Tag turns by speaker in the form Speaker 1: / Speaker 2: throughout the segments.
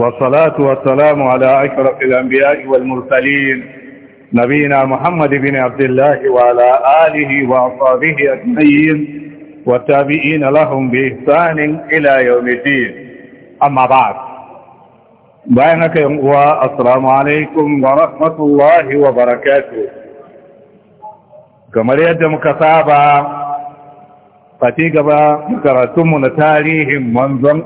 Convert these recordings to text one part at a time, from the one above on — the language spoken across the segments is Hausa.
Speaker 1: والصلاة والسلام على أشرف الأنبياء والمرسلين نبينا محمد بن عبد الله وعلى آله وأصحابه أجمعين والتابعين لهم بإحسان إلى يوم الدين أما بعد بينك يوم السلام عليكم ورحمة الله وبركاته كما يدم كتابا fati gaba karatunmu na tarihin manzon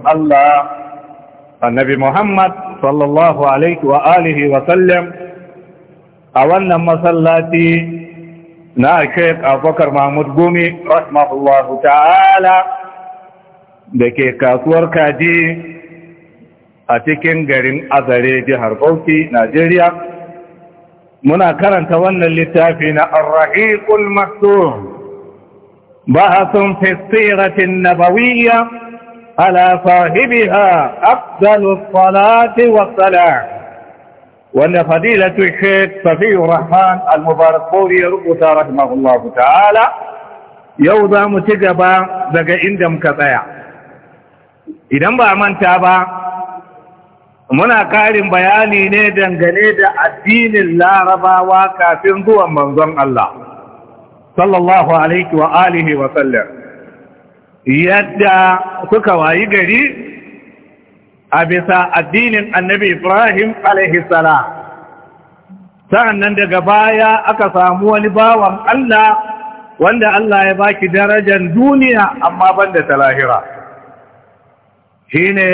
Speaker 1: annabi muhammad sallallahu alaihi wa alihi wa sallam a wannan masallaci na a abubakar mahmud gumi rahmahullahu ta'ala da ke kasuwar kaji a cikin garin azare jihar bauchi najeriya muna karanta wannan littafi na arrahiqul maktum bahasun fi siratin nabawiyya على صاحبها أفضل الصلاة والسلام وأن فضيلة الشيخ صفي الرحمن المبارك بوري ربك رحمه الله تعالى يوضع متجبا دقا إندم كبايا idan ba manta ba muna karin bayani ne dangane da addinin larabawa kafin zuwan manzon Allah sallallahu alaihi wa alihi wa sallam yadda suka wayi gari a bisa addinin annabi Ibrahim alaihissala sa'an nan daga baya aka samu wani bawan Allah wanda Allah ya baki darajar duniya amma banda ta lahira shi ne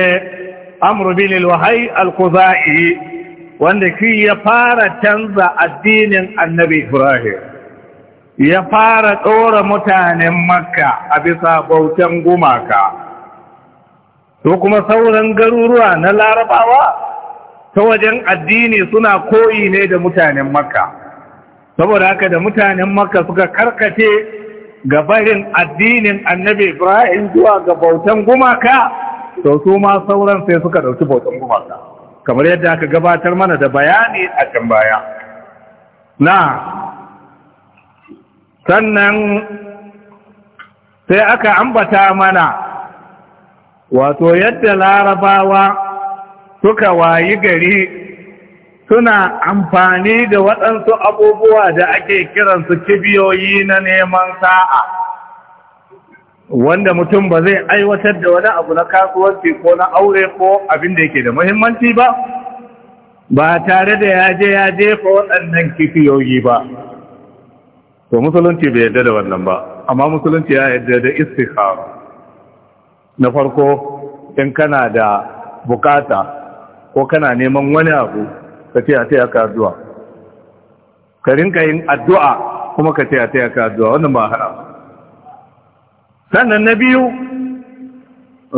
Speaker 1: amurbin ilwahai al wanda ki ya fara canza addinin annabi Ibrahim ya fara tsora mutanen makka a bisa bautan gumaka to kuma sauran garuruwa na larabawa ta wajen addini suna koyi ne da mutanen makka saboda haka da mutanen makka suka karkace ga barin addinin annabi ibrahim zuwa ga bautan gumaka to su ma sauran sai suka ɗauki bautan gumaka kamar yadda aka gabatar mana da bayani a can baya na sannan sai aka ambata mana wato yadda larabawa suka wayi gari suna amfani da waɗansu abubuwa da ake kiransu kibiyoyi na neman sa'a wanda mutum ba zai aiwatar da wani abu na kasuwanci ko na aure ko abin da yake da muhimmanci ba ba tare da yaje je ya jefa waɗannan kibiyoyi ba to musulunci bai yarda da wannan ba amma musulunci ya yarda da istikhara na farko in kana da bukata ko kana neman wani abu ka ce a taya ka addu'a ka rinka yin addu'a kuma ka ce a taya ka addu'a wannan ba haram sannan na biyu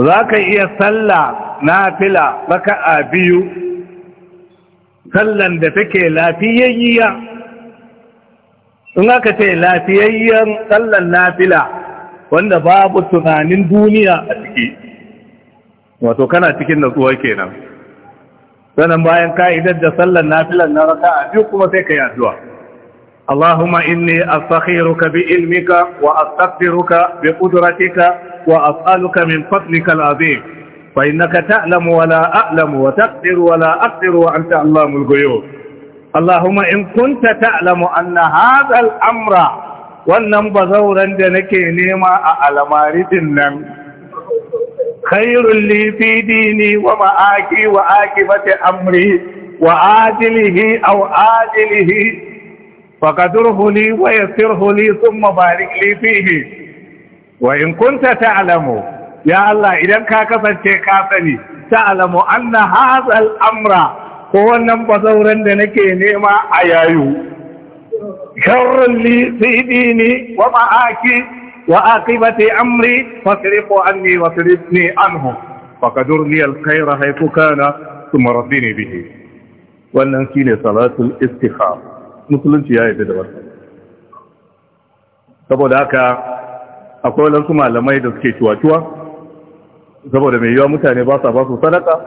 Speaker 1: za ka iya sallah na fila raka'a biyu sallan da take lafiyayya in aka ce lafiyayyen tsallan nafila wanda babu tunanin duniya a ciki wato kana cikin natsuwa kenan sanan bayan ka'idar da sallar nafilan na raka a biyu kuma sai ka addu'a. Allahuma inni astakhiruka bi ilmika wa astaghfiruka bi qudratika wa as'aluka min fadlikal azim fa innaka ta'lamu wa la a'lamu wa taqdiru wa la aqdiru wa anta allahul اللهم إن كنت تعلم أن هذا الأمر wannan bazauran da nake nema a almaridin nan khairul li fi dini wa ma'aki wa akibati amri wa ajilihi aw ajilihi faqadurhu li wa yassirhu li thumma barik li fihi wa in kunta ta'lamu ya Allah idan ka kasance ka sani ta'lamu anna hadha al-amra ko wannan bazauren da nake nema a yayu sharrin li sidini wa ma'aki wa aqibati amri fasrifu anni wa sirifni anhu faqadurni alkhayra haythu kana thumma rabbini bihi wannan shine salatul istikhar musulunci ya yi da wannan saboda haka akwai wasu malamai da suke cuwa-cuwa saboda mai yiwa mutane ba sa ba su sadaka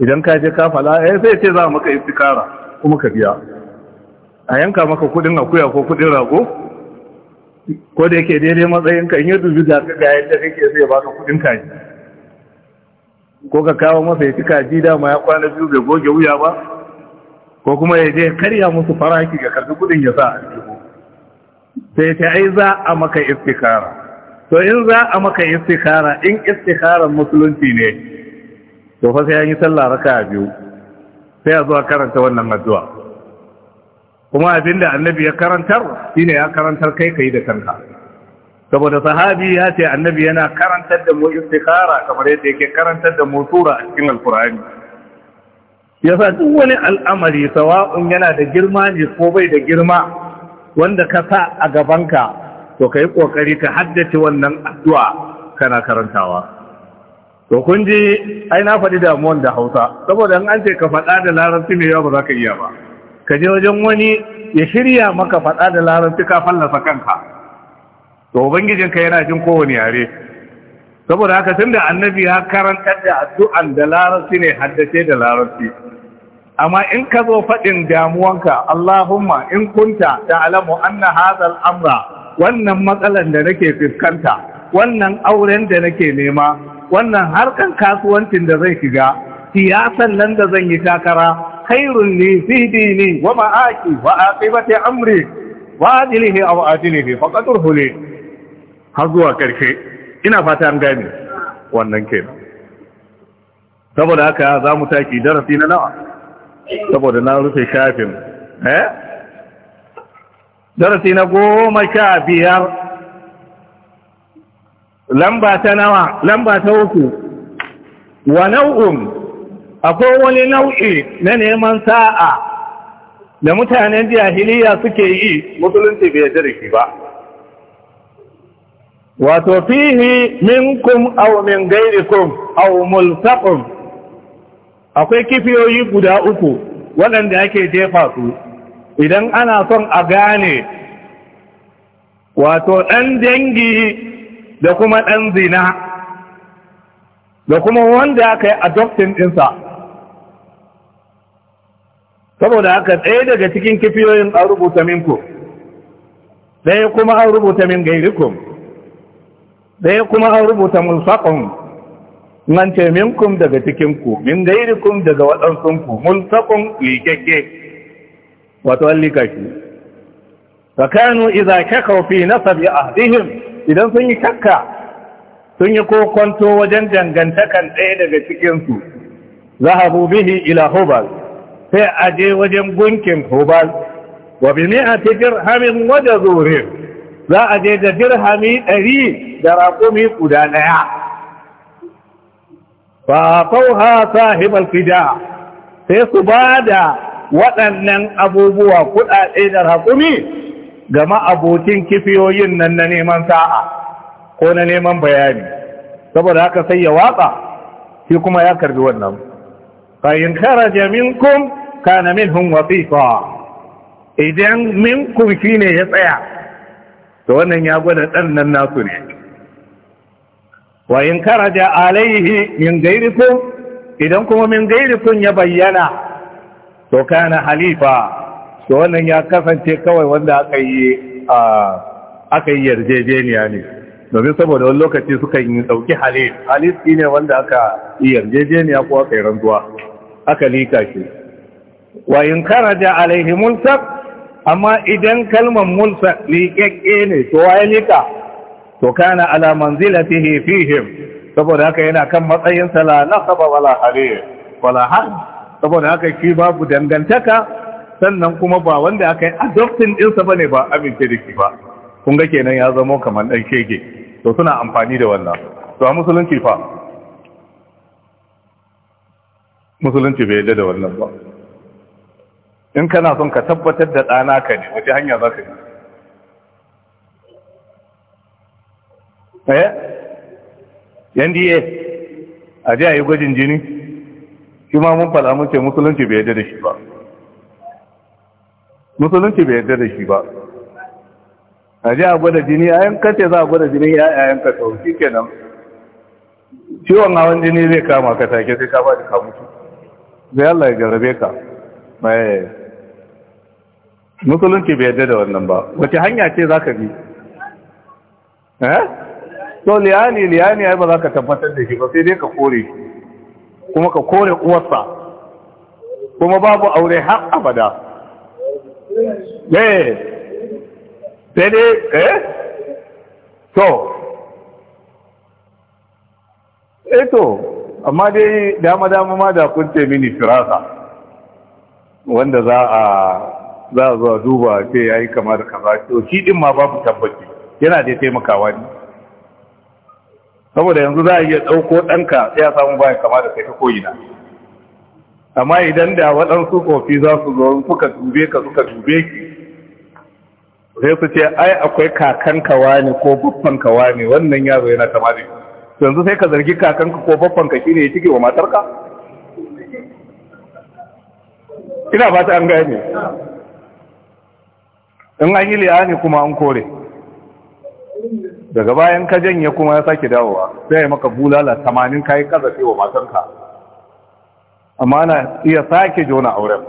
Speaker 1: idan ka je ka fala eh sai ce za maka istikara kuma ka biya a yanka maka kudin akuya ko kudin rago ko da yake daidai matsayin ka in ya dubi da ka ga yadda kake sai baka kudin kaji ko ka kawo masa ya ci kaji dama ya kwana biyu bai goge wuya ba ko kuma ya je karya musu faraki ga karbi kudin ya sa a cikin sai ta ai za a maka istikara to in za a maka istikara in istikara musulunci ne to fa sai an yi sallah raka biyu sai a zuwa karanta wannan addu'a kuma abinda annabi ya karantar shine ya karantar kai kai da kanka saboda sahabi ya ce annabi yana karantar da mu istikhara kamar yadda yake karantar da mu sura a cikin alkur'ani sa duk wani al'amari sawa'un yana da girma ne ko bai da girma wanda ka sa a gabanka to kai kokari ka haddace wannan addu'a kana karantawa to kun ji ai na faɗi damuwan da hausa saboda an ce ka faɗa da larabci mai yawa ba za ka iya ba ka je wajen wani ya shirya maka faɗa da larabci ka fallasa kanka to ka yana jin kowane yare saboda haka tun da annabi ya karantar da addu'an da larabci ne haddace da larabci amma in ka zo faɗin damuwanka Allahumma in kunta da alamu anna hazal amra wannan matsalar da nake fuskanta wannan auren da nake nema wannan harkan kasuwancin da zai shiga siyasan nan da zan yi takara khairun li fi dini wa ma'aki wa aqibati amri wa adilihi aw adilihi faqad hule. har zuwa karshe ina fata an gane wannan ke. saboda haka za mu taki darasi na nawa saboda na rufe shafin eh darasi na goma sha biyar lamba ta nawa lamba ta uku wa nau'un akwai wani nau'i na neman sa'a da mutanen jahiliya suke yi musulunci bai yarda da shi ba wato fihi minkum aw min gairikum aw multaqum akwai kifiyoyi guda uku waɗanda ake jefa su idan ana son a gane wato ɗan dangi da kuma ɗan zina da kuma wanda aka yi adoptin ɗinsa saboda haka ɗaya daga cikin kifiyoyin an rubuta minku ɗaya kuma an rubuta min gairikun ɗaya kuma an rubuta mulsakon min minkum daga cikinku min gairikun daga waɗansunku mulsakon likeke wato an likashi shi kanu iza kakau fi nasabi ahdihim idan sun yi shakka sun yi kokonto wajen dangantakan ɗaya daga cikinsu zahabu bihi ila hubal sai a je wajen gunkin hubal wa bi ta dirhamin wa jazurin za a je da dirhami ɗari da raƙumi guda ɗaya ba fauha sahibar fida sai su ba da waɗannan abubuwa kuɗaɗe da raƙumi gama abokin kifiyoyin nan na neman sa'a ko na neman bayani saboda haka sai ya watsa shi kuma ya karbi wannan fa'in kharaja minkum kana minhum wasifa idan minkum shine ya tsaya to wannan ya gwada dan nan nasu ne wa in kharaja alaihi min kun, idan kuma min kun ya bayyana to kana halifa to wannan ya kasance kawai wanda aka yi a aka yi yarjejeniya ne domin saboda wani lokaci suka yi dauki halis halis ne wanda aka yi yarjejeniya ko aka yi rantsuwa aka lika shi wa in karaja alaihi mulsak amma idan kalmar mulsak liƙeƙe ne to waye lika to kana ala manzilatihi fihim saboda haka yana kan matsayin sala nasaba wala hare wala har saboda haka shi babu dangantaka sannan kuma ba wanda aka yi adoptin ɗinsa ba ne ba amince da shi ba kun ga kenan ya zama kamar ɗan shege to suna amfani da wannan to a musulunci fa musulunci bai yadda da wannan ba in kana son ka tabbatar da ɗana ka ne wace hanya za ka yi eh yan diye a ji a yi gwajin jini shi ma mun fada muke musulunci bai yadda da shi ba musulunci bai yarda da shi ba a ji a gwada jini yayan kace za a gwada jini yayan ka wa shi kenan ciwon hawan jini zai kama ka take sai ka faɗi ka mutu zai Allah ya jarrabe ka mai eh. musulunci bai yarda da wannan ba wace hanya ce za ka bi eh to liyani liyani ai ba za ka tabbatar da shi ba sai dai ka kore kuma ka kore uwarsa kuma babu aure har abada eh dai eh? eh to Eto amma dai dama dama ma da kun ce mini firasa wanda za a za a zuwa duba ce ya yi kamar kaza to shi din ma babu tabbaci yana da taimakawa ne saboda yanzu za a iya ɗauko ɗanka sai ya samu baya kama da kai ta na. amma idan da waɗansu kofi za su zo suka dube ka suka dube ki sai su ce ai akwai kakan kawa ne ko babban kawa ne wannan yaro yana kama da yanzu sai ka zargi kakan ka ko babban ka shine ya cike wa matarka ina fata an gane in an yi liyani kuma an kore daga bayan ka janye kuma ya sake dawowa sai ya maka bulala tamanin kaza sai wa ka amma na iya sake jona auren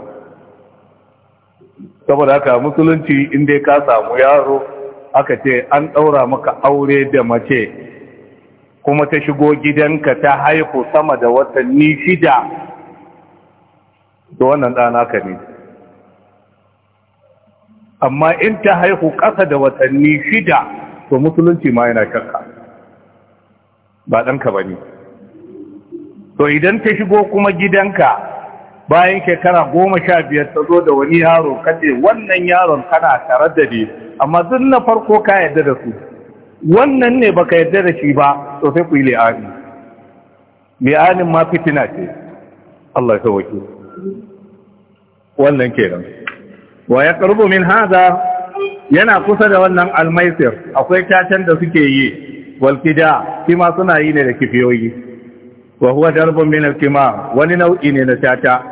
Speaker 1: saboda haka musulunci inda ka samu yaro aka ce an ɗaura maka aure da mace kuma ta shigo gidanka ta haihu sama da watanni shida da wannan ɗana ka ne amma in ta haihu ƙasa da watanni shida to musulunci ma yana shakka ba ɗanka ba ne to idan ta shigo kuma gidanka bayan shekara goma sha biyar ta zo da wani yaro kace wannan yaron kana tare da ni amma duk na farko ka yarda da su wannan ne baka yarda da shi ba to sai ku yi li'ani li'anin ma fitina ce Allah ya sauke wannan kenan wa ya karbu min hada yana kusa da wannan almaisir akwai tatan da suke yi walkida shi ma suna yi ne da kifiyoyi wa huwa darbun min wani nau'i ne na tata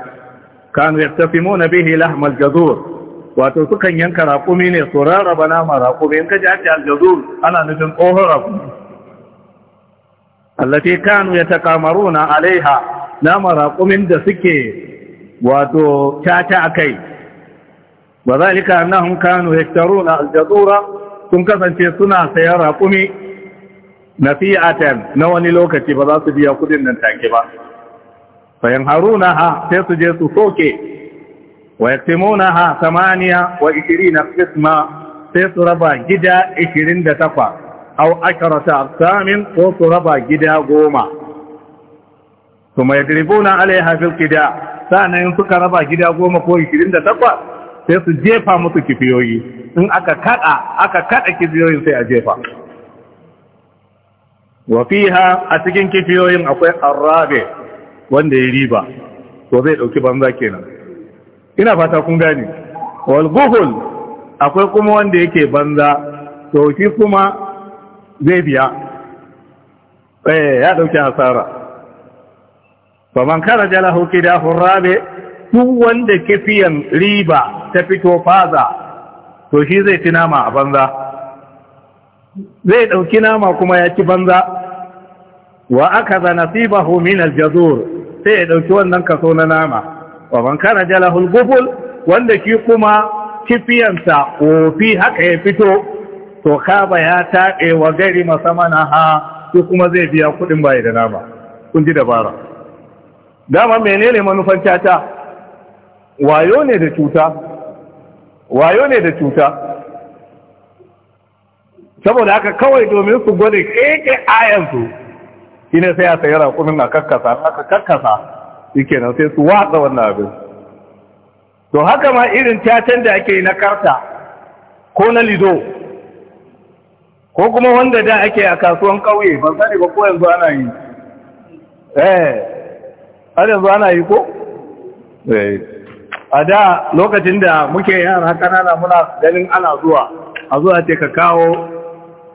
Speaker 1: kanu yattasimuna bihi lahm al-jazur wato sukan yanka raƙumi ne su rarraba nama raƙumi in kaji ake al-jazur ana nufin tsohon raƙumi allati kanu yatakamaruna alaiha nama raƙumin da suke wato tata akai wa zalika al sun kasance suna sayan raƙumi nafi'atan na wani lokaci ba za su biya kudin nan take ba fayan haruna ha sai su je su soke wa yaktimuna ha samaniya wa ishirina qisma sai su raba gida ishirin da takwa au asharata aqsamin ko su raba gida goma kuma yadribuna alaiha fil qida sanan suka raba gida goma ko ishirin da sai su jefa musu kifiyoyi in aka kada aka kada kifiyoyin sai a jefa Wafiha a cikin kifiyoyin akwai arrabe wanda ya riba to zai dauki banza kenan ina fata kun gani. wal guhul akwai kuma wanda yake banza to shi kuma zai biya eh ya dauki hasara man faman jala lahu kidahu arrabe duk wanda kifiyan riba ta fito faza to shi zai fi nama a banza zai ɗauki nama kuma ya ci banza wa aka za nasibahu min aljazur sai ya dauki wannan kaso na nama wa man kana jalahul gubul wanda ki kuma kifiyansa ofi haka ya fito to kaba ya taɓe wa gari masamana ha shi kuma zai biya kuɗin bayi da nama kun ji dabara dama menene manufan cata wayo ne da cuta wayo ne da cuta saboda haka kawai domin su gwada keke ayansu shi ne sai a sayi rakunin a karkasa aka kakkasa shi kenan sai su watsa wannan abin to haka ma irin caten da ake yi na karta ko na lido ko kuma wanda da ake a kasuwan ƙauye ban sani ba ko yanzu ana yi eh a yanzu ana yi ko eh a da lokacin da muke yara ƙanana muna ganin ana zuwa a zuwa ce ka kawo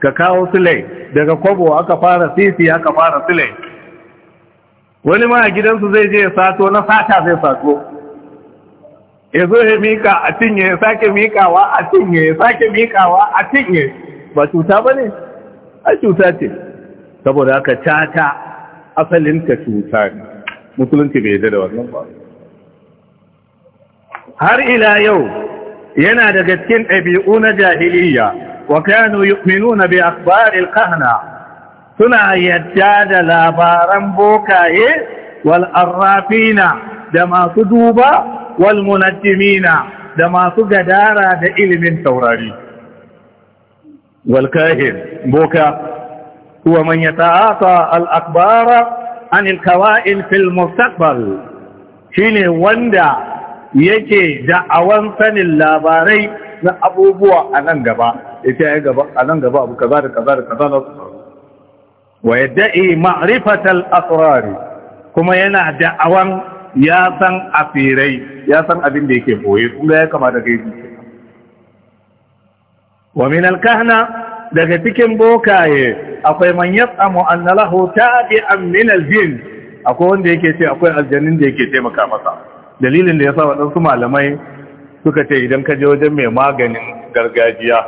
Speaker 1: ka kawo silai daga kwabo aka fara sisi aka fara silai wani ma a gidansu zai je ya sato na sata zai sato ya zo ya mika a cinye ya sake mikawa a cinye ya sake mikawa a cinye ba cuta ba ne a cuta ce saboda haka cata asalinta cuta ne musulunci bai yadda da wannan ba har ila yau yana daga cikin ɗabi'u na jahiliya wa kanu yu'minuna bi akhbaril kahna suna yadda da labaran bokaye wal arrafina da masu duba wal munajjimina da masu gadara da ilimin taurari wal kahin boka huwa man yata'ata al akbara an al kawa'il fil mustaqbal shine wanda yake da'awan sanin labarai na abubuwa a nan gaba ya ce ya gaba a nan gaba abu kaza da kaza da kaza da wa yadda'i ma'rifatal asrari kuma yana da'awan ya san asirai ya san abin da yake boye ga ya kamata kai shi wa min al-kahna daga cikin bokaye akwai man yatsamu anna lahu tabi'an min al akwai wanda yake ce akwai aljannin da yake taimaka masa dalilin da yasa waɗansu malamai suka ce idan ka je wajen mai maganin gargajiya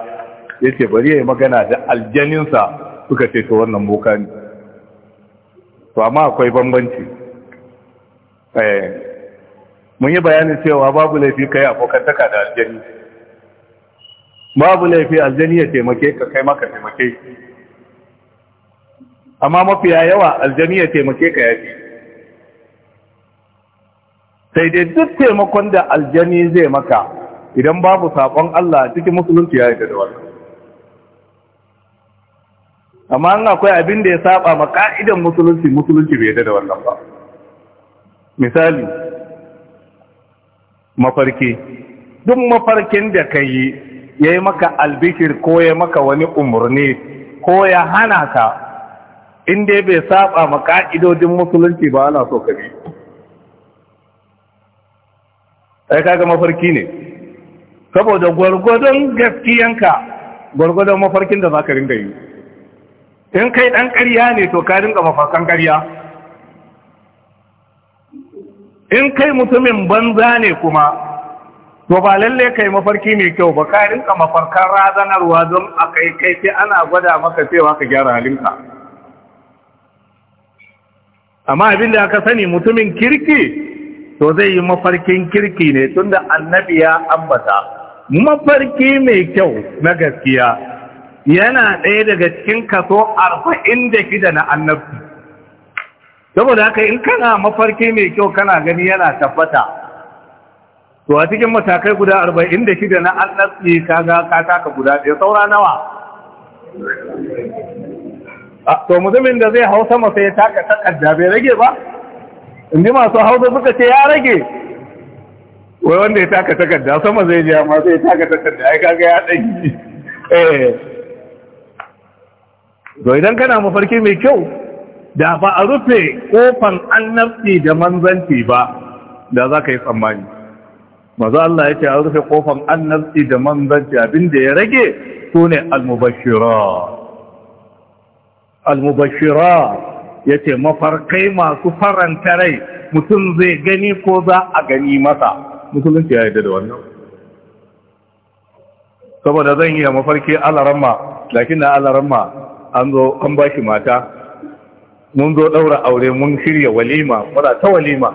Speaker 1: ya ce bari ya yi magana da aljaninsa suka ce ta wannan boka ne to amma akwai bambanci eh, mun yi bayanin cewa babu laifi ka yi abokantaka da aljani babu laifi aljani ya taimake ka kai maka taimake amma mafiya yawa aljani ya taimake ka yafi sai dai duk taimakon da aljani zai maka idan babu saƙon Allah cikin musulunci ya yi da wannan amma an akwai abin da ya saba ma ƙa’idan musulunci musulunci bai da wannan ba misali mafarki duk mafarkin da ka yi ya yi maka albikir ko ya maka wani umarni ko ya hana ka in dai bai saba ma ƙa’idodin musulunci ba ana so ka bi ai kaga mafarki ne saboda gwargwadon gaskiyanka gwargwadon mafarkin da za ka ringa yi in kai ɗan ƙarya ne to ka ringa mafarkan ƙarya in kai mutumin banza ne kuma to ba lalle kai mafarki mai kyau ba ka ringa mafarkan razanarwa don a kai kai sai ana gwada maka cewa ka gyara halinka amma abin da aka sani mutumin kirki to zai yi mafarkin kirki ne tunda annabi ya ambata mafarki mai kyau na gaskiya yana ɗaya daga cikin kaso arba'in da shida na annabi saboda haka in kana mafarki mai kyau kana gani yana tabbata to a cikin matakai guda arba'in da shida na ka kaga ka taka guda ɗaya saura nawa to mutumin da zai hau sama sai ya taka takarda bai rage ba in ji masu hausa suka ce ya rage wai wanda ya taka takarda sama zai ji amma sai ya taka takarda ai kaga ya ɗanki eh idan kana mafarki mai kyau da ba a rufe kofan annabci da manzanci ba da za ka yi tsammani maza Allah ya ce a rufe kofan annabci da manzanci abinda ya rage su ne almubashira almubashira ya ce mafarkai masu faranta rai mutum zai gani ko za a gani masa musulunci ya yadda da wannan saboda zan yi mafarki alaramma lakin da alaramma an zo an ba shi mata mun zo ɗaura aure mun shirya walima muna ta walima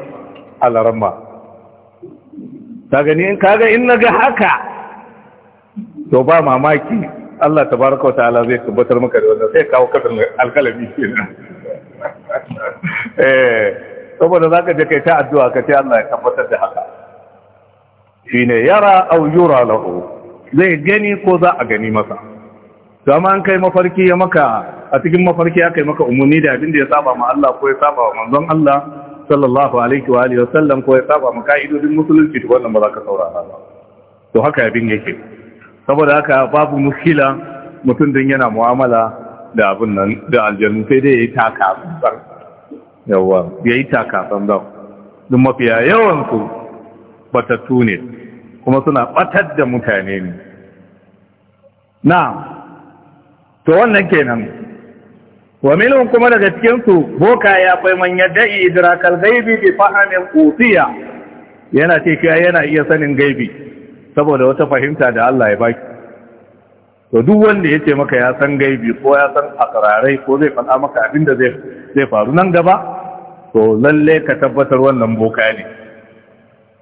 Speaker 1: alaramma ta gani in kaga in na ga haka to ba mamaki Allah Ta baraka wa ta'ala zai tabbatar maka da wannan sai kawo kafin alkalami Eh, saboda za ka je kai ta addu'a ka ce Allah ya tabbatar da haka Shi ne yara aw yura lahu zai gani ko za a gani masa to amma an kai mafarki ya maka a cikin mafarki ya kai maka umuni da abin da ya saba ma Allah ko ya saba wa manzon Allah sallallahu alaihi wa alihi wasallam ko ya saba ma kaidodin musulunci to wannan ba za ka saurara ba to haka abin yake saboda haka babu muskila mutum din yana mu'amala da abin nan da aljanu sai dai ya yi taka tsantsan yawa ya yi taka tsantsan duk mafiya yawansu batattu ne kuma suna batar da mutane ne na to wannan kenan wa minhum kuma daga cikinsu boka ya bai manyan da'i idrakal gaibi, bi fahamin ƙusiya? yana ce yana iya sanin gaibi saboda wata fahimta da Allah ya baki to duk wanda ya ce maka ya san gaibi ko ya san asrarai ko zai faɗa maka abin da zai faru nan gaba to lalle ka tabbatar wannan boka ne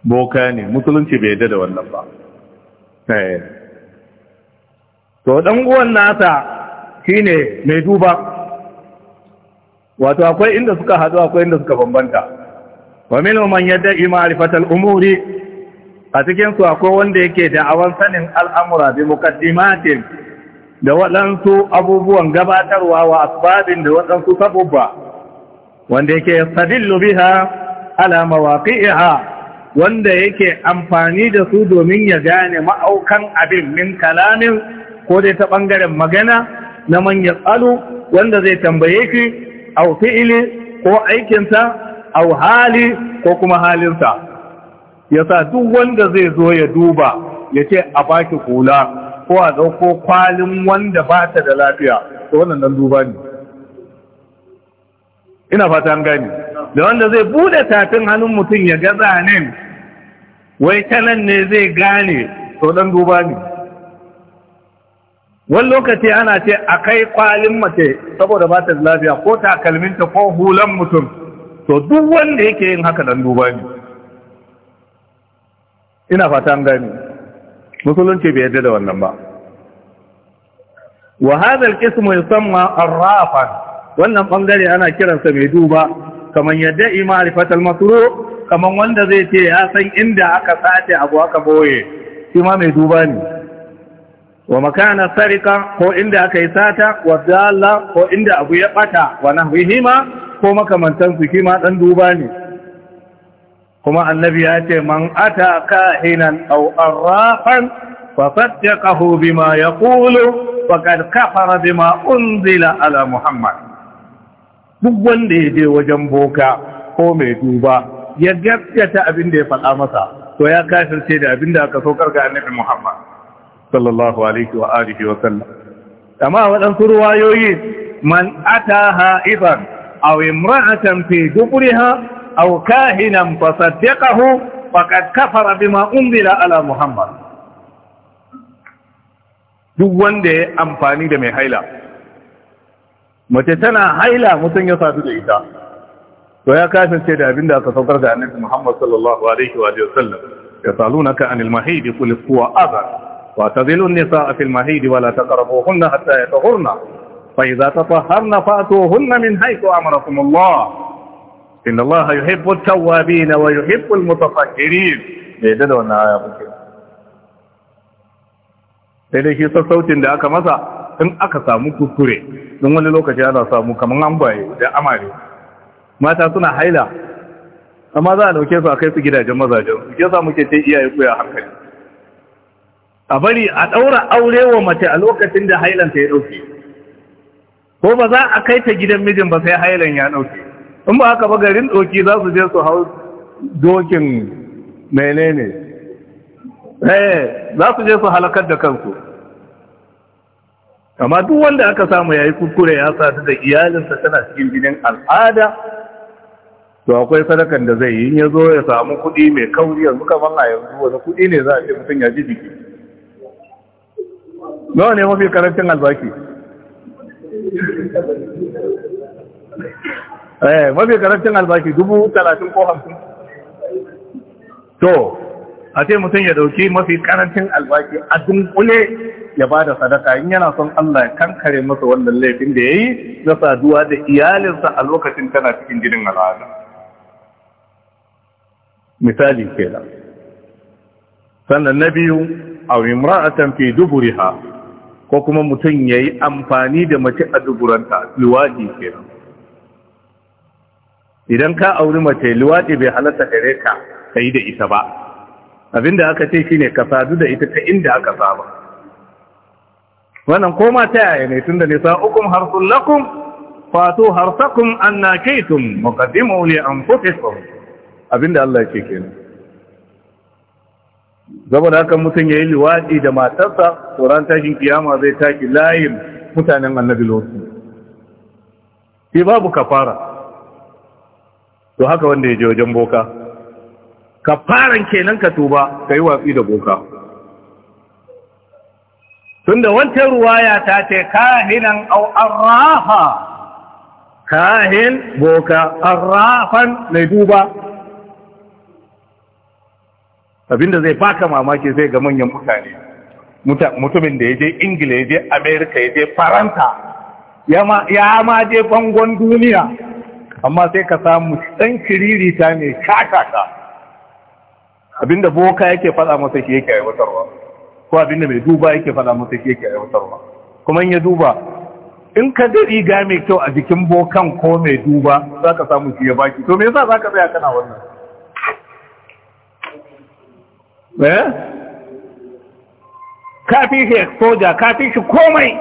Speaker 1: boka ne musulunci bai yadda da wannan ba eh. to dan uwan nasa shine mai duba wato akwai inda suka hadu akwai inda suka bambanta wa minhum man yadda ma'rifatal umuri a cikinsu akwai wanda yake da'awar sanin al'amura bi muqaddimatin da waɗansu abubuwan gabatarwa wa asbabin da waɗansu sabubba wanda yake sadillu biha ala mawaqi'iha wanda yake amfani da su domin ya gane ma'aukan abin min kalamin ko dai ta ɓangaren magana na manyan yasalu wanda zai tambaye shi au fi'ili ko aikinsa au hali ko kuma halinsa Ya sa duk wanda zai zo ya duba ya ce a baki hula ko a dauko kwalin wanda ba ta da lafiya to wannan nan duba ne ina fata an gani. da wanda zai bude tafin hannun mutum ya ga zanen wai ta nan ne zai gane to dan duba ne wani lokaci ana ce a kai kwalin mace saboda ba ta da lafiya ko takalminta ko hulan mutum to duk wanda yake yin haka dan duba ne ina fata an gani musulunci bai yadda da wannan ba wa hadha al-qism yusamma ar wannan bangare ana kiransa mai duba kaman yadda ma'rifat fatal masru kaman wanda zai ce ya san inda aka sace abu aka boye shi ma mai duba ne wa makana sarika ko inda aka yi sata wa dalla ko inda abu ya bata wa nahwihima ko makamantan su shi ma dan duba ne kuma annabi ya ce man ata kahinan aw arrafan fa saddaqahu bima yaqulu faqad kafara bima unzila ala muhammad duk wanda ya je wajen boka ko mai duba ya gaskata abin da ya faɗa masa to ya kafirce da abin da aka saukar ga annabi muhammad sallallahu alaihi wa alihi wa sallam amma waɗansu ruwayoyi man ata ha'ifan aw imra'atan fi dubriha aw kahinan fasaddiqahu faqad kafara bima unzila ala muhammad duk wanda ya amfani da mai haila mace tana haila mutum ya sadu da ita to ya kasance da abinda aka saukar da annabi muhammad sallallahu alaihi wa sallam ya salunaka anil mahidi qul huwa adhan واعتزلوا النساء في المهيد ولا تقربوهن حتى يطهرن فإذا تطهرن فأتوهن min حيث أمركم الله inna Allah yuhibbu at-tawwabin wa yuhibbu al-mutatahhirin bai da wannan aya ba sai dai sassautin da aka masa in aka samu kuskure don wani lokaci ana samu kaman ambaye da amare mata suna haila amma za a dauke su a kai su gidajen mazajen su ke sa muke ce iyaye ku ya hankali a bari a daura aure wa mace a lokacin da hailanta ya dauke ko ba za a kai ta gidan mijin ba sai hailan ya dauke in ba haka ba garin doki za su je su hau dokin menene eh za su je su halakar da kansu amma duk wanda aka samu yayi kuskure ya sadu da iyalinsa tana cikin jinin al'ada to akwai sadakan da zai yi in ya zo ya samu kuɗi mai kauri yanzu kamar a yanzu wani kuɗi ne za a ce mutum ya ji jiki nawa ne mafi karancin albaki eh mafi karancin albashi dubu talatin ko hamsin to a ce mutum ya dauki mafi karancin albashi a dunkule ya ba sadaka in yana son Allah ya kankare masa wannan laifin da ya yi na saduwa da iyalinsa a lokacin tana cikin jinin al'ada misali kenan sannan na biyu a imra'atan fi duburiha ko kuma mutum yayi amfani da mace a duburanta liwaji kenan idan ka auri mace luwaɗi bai halatta gare ka ka yi da ita ba abinda aka ce shine ka sadu da ita ta inda aka saba wannan koma ta yaya ne tun da nisa ukun harsun lakum fatu harsakum anna kaytum muqaddimu li anfusikum abinda Allah ke kenan saboda haka mutum yayi luwaɗi da matarsa tsoron takin tashin kiyama zai taki layin mutanen annabi lokaci sai babu kafara to haka wanda ya je wajen boka ka faran kenan ka tuba ka yi watsi da boka tunda wancan ruwaya ta ce kahinan au arrafa kahin boka arrafan mai duba abinda zai baka mamaki zai ga manyan mutane mutumin da ya je ingila ya je amerika ya je faranta ya ma je bangon duniya amma sai ka samu ɗan kiririta mai kakaka abinda boka yake faɗa masa shi yake aiwatarwa ko abinda mai duba yake faɗa masa shi yake aiwatarwa kuma ya duba in ka ga riga mai kyau a jikin bokan ko mai duba za ka samu shi ya baki to me yasa za ka tsaya kana wannan eh ka fi shi soja, ka fi shi komai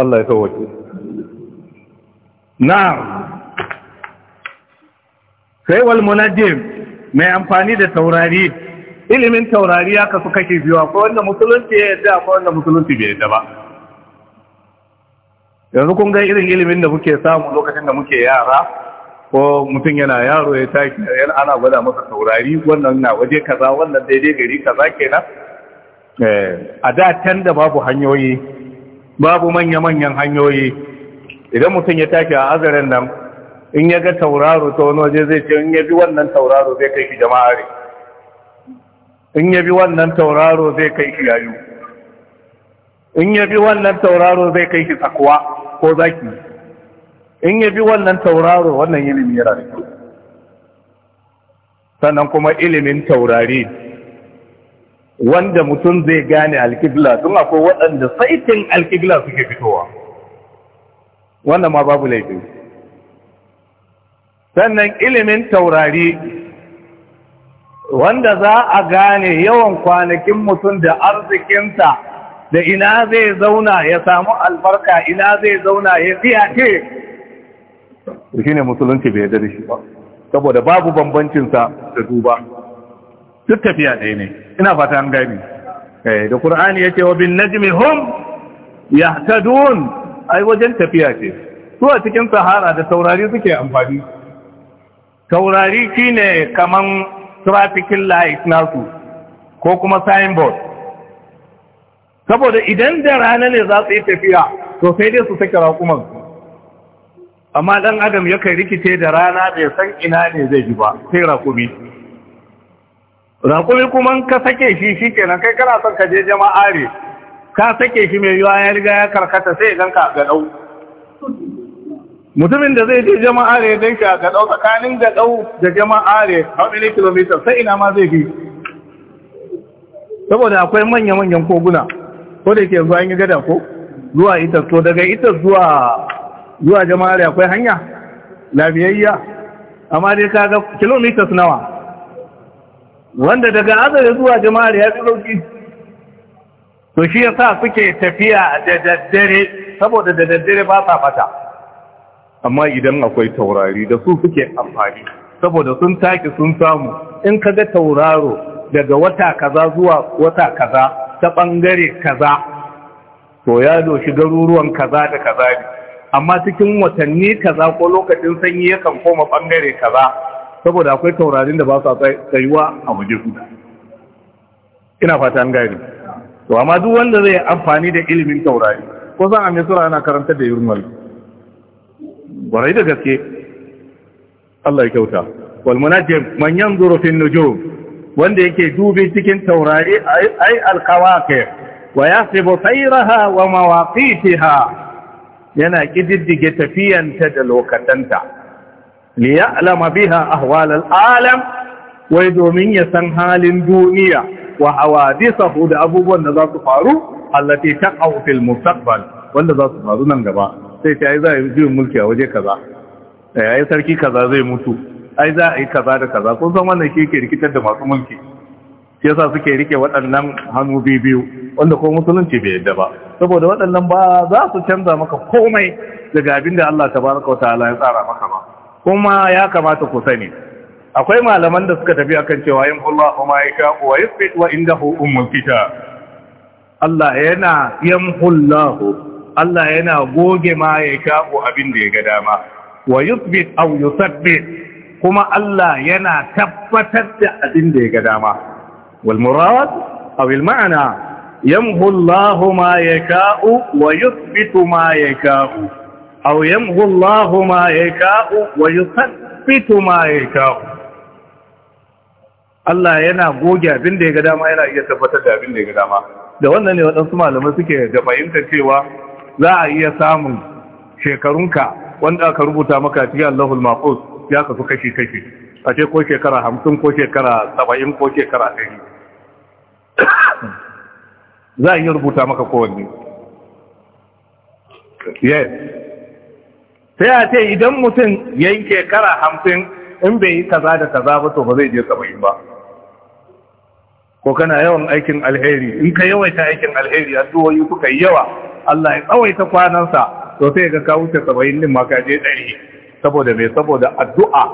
Speaker 1: Allah ya tawaje na'am sai wal munajjim mai amfani da taurari ilimin taurari ya kasu kake biyu akwai wanda musulunci ya yadda akwai wanda musulunci bai yadda ba yanzu kun ga irin ilimin da muke samu lokacin da muke yara ko mutum yana yaro ya tashi yana ana gwada masa taurari wannan na waje kaza wannan daidai gari kaza kenan eh, a da can da babu hanyoyi babu manya-manyan hanyoyi idan mutum ya tafi a azarin nan in ya ga tauraro ta wani waje zai ce in ya bi wannan tauraro zai kai ki jama'a re in ya bi wannan tauraro zai kai ki yayu in ya bi wannan tauraro zai kai ki tsakuwa ko zaki in ya bi wannan tauraro wannan ilimi yana da kyau sannan kuma ilimin taurari wanda mutum zai gane alkibla tun akwai waɗanda saitin alkibla suke fitowa wannan ma babu laifi sannan ilimin taurari wanda za a gane yawan kwanakin mutum da arzikinsa da ina zai zauna ya samu albarka ina zai zauna ya tsiyace shi ne musulunci bai da shi ba saboda babu bambancinsa da duba duk tafiya ɗaya ne ina fata an gani eh, da ƙur'ani ya ce wa bin najmi hum yahtadun ai wajen tafiya ce su a cikin sahara da taurari suke amfani taurari shine kaman trafikin light nasu ko kuma signboard saboda idan da rana ne za su yi tafiya to sai dai su sake raƙuman amma dan adam ya kai rikice da rana bai san ina ne zai ji ba sai raƙumi raƙumi kuma ka sake shi shi kenan kai kana son ka je jama'are ka sake shi mai yiwa ya riga ya karkata sai idan ka gadau mutumin da zai je jama'a ne dan a gadau tsakanin gadau da jama'a ne how many kilometers sai ina ma zai fi saboda akwai manya manyan koguna ko da ke zuwa yin gada ko zuwa ita to daga ita zuwa zuwa jama'a da akwai hanya lafiyayya amma dai ka ga kilometers nawa wanda daga azare zuwa jama'a ya fi sauki to shi yasa suke tafiya da daddare saboda da daddare ba sa fata amma idan akwai taurari da su suke amfani saboda sun taki sun samu in ka ga tauraro daga wata kaza zuwa wata kaza ta bangare kaza to ya doshi garuruwan kaza da kaza ne amma cikin watanni kaza ko lokacin sanyi yakan koma bangare kaza saboda akwai taurarin da ba sa tsayuwa a waje ina fata an gane to amma duk wanda zai amfani da ilimin taurari ko san a misra ana karanta da yurmal barai da gaske Allah ya kyauta wal munajjim man yanzuru fi nujum wanda yake dubi cikin taurari ai al kawakib wa yahsibu sayraha wa mawaqitaha yana kididdige tafiyanta da lokatanta li ya'lama biha ahwal al alam wai domin ya san halin duniya wa hawadithahu da abubuwan da za su faru allati taqa'u fil mustaqbal wanda za su faru nan gaba sai ta yi za a yi mulki a waje kaza da eh, sarki kaza zai mutu ai za a yi kaza da kaza kun san wannan shi ke rikitar da masu mulki shi yasa suke rike waɗannan hannu biyu wanda ko musulunci bai yadda ba saboda waɗannan ba za su canza maka komai daga abin da Allah tabaraka wa ta'ala ya tsara maka ba kuma ya kamata ku sani akwai malaman da suka tafi akan cewa yin Allah wa ma'aika wa yusbit wa indahu ummul kitab Allah yana yamhullahu Allah yana goge ma ma'aika ko abin da ya ga dama wa yusbit aw yusabbit kuma Allah yana tabbatar da abin da ya ga dama wal murad aw al ma'na yamhu Allahu ma yaka'u wa yuthbitu ma yaka'u aw yamhu Allahu ma yaka'u wa yuthbitu ma yaka'u Allah yana goge abin da ya ga dama yana iya tabbatar da abin da ya ga dama da wannan ne waɗansu malamai suke da fahimtar cewa za a iya samun shekarunka wanda aka rubuta maka cikin Allahul Mahfuz ya kasu kashi kashi a ce ko shekara hamsin ko shekara saba'in ko shekara ɗari za a iya rubuta maka kowanne yes sai a ce idan mutum yayin shekara hamsin in bai yi kaza da kaza ba to ba zai je saba'in ba ko kana yawan aikin alheri in ka yawaita aikin alheri addu'o'i kuka yi yawa Allah ya tsawaita kwanansa to sai ga ka wuce 70 din ma ka je 100 saboda me saboda addu'a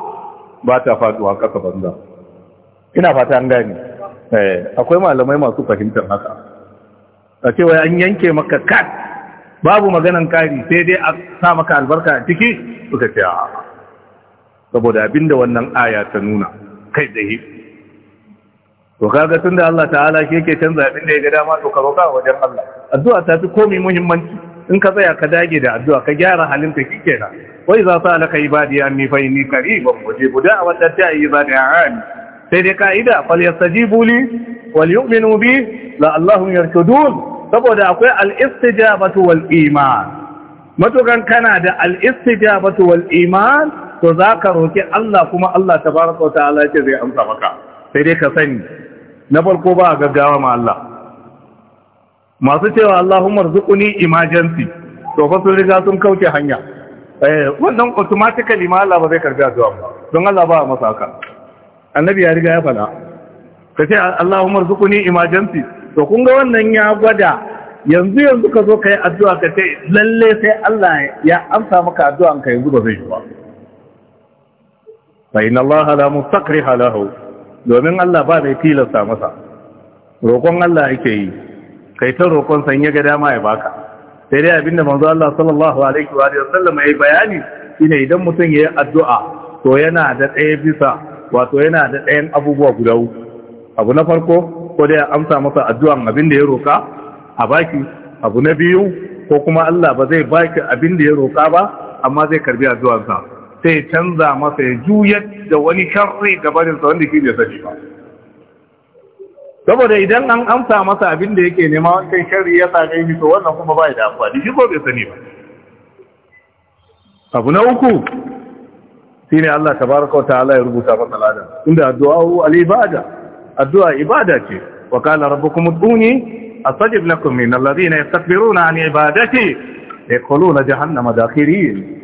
Speaker 1: ba ta faduwa kasa banza ina fata an gane eh akwai malamai masu fahimtar haka a cewa an yanke maka kat babu maganan kari sai dai a sa maka albarka a ciki suka ce saboda abinda wannan aya ta nuna kai da hi. to kaga tunda Allah ta'ala shi yake canza abin da ya ga dama to ka roka wajen Allah addu'a ta fi komai muhimmanci in ka tsaya ka dage da addu'a ka gyara halin halinka kikenan wai za ta alaka ibadi anni fa inni qaribun ujibu da'wata da'i idza da'an sai dai ka'ida fal yastajibu li wal yu'minu bi la'allahum yarshudun saboda akwai al-istijabatu wal iman matukan kana da al'istijabatu wal iman to za ka roƙi Allah kuma Allah ta baraka wa ta'ala ce zai amsa maka sai dai ka sani na farko ba a gaggawa ma Allah masu cewa Allahumma rzuquni emergency to fa sun riga sun kauce hanya eh wannan automatically ma Allah ba zai karbi addu'a ba don Allah ba masa haka annabi ya riga ya fada ce Allahumma rzuquni emergency to kun ga wannan ya gwada yanzu yanzu ka zo ka yi addu'a ka ce lalle sai Allah ya amsa maka addu'an ka yanzu ba zai yi ba fa inna Allah la mustaqriha lahu domin Allah ba mai tilasta masa roƙon Allah yake yi kai ta roƙon san ya ga dama ya baka sai dai abinda manzo Allah sallallahu alaihi wa sallam yayi bayani shine idan mutum yayi addu'a to yana da ɗaya bisa wato yana da ɗayan abubuwa guda uku abu na farko ko dai amsa masa addu'an abin ya roƙa a baki abu na biyu ko kuma Allah ba zai baki abinda ya roƙa ba amma zai karbi addu'arsa sai canza masa ya juyar da wani karre gabaninsa wanda ke bai sani ba saboda idan an amsa masa abin da yake nema wancan shari ya same shi to wannan kuma bai da amfani shi ko bai sani ba abu na uku shine Allah tabaraka ta'ala ya rubuta masa lada inda addu'a al-ibada addu'a ibada ce wa qala rabbukum ud'uni astajib lakum min alladhina yastakbiruna an ibadati yadkhuluna jahannama dakhirin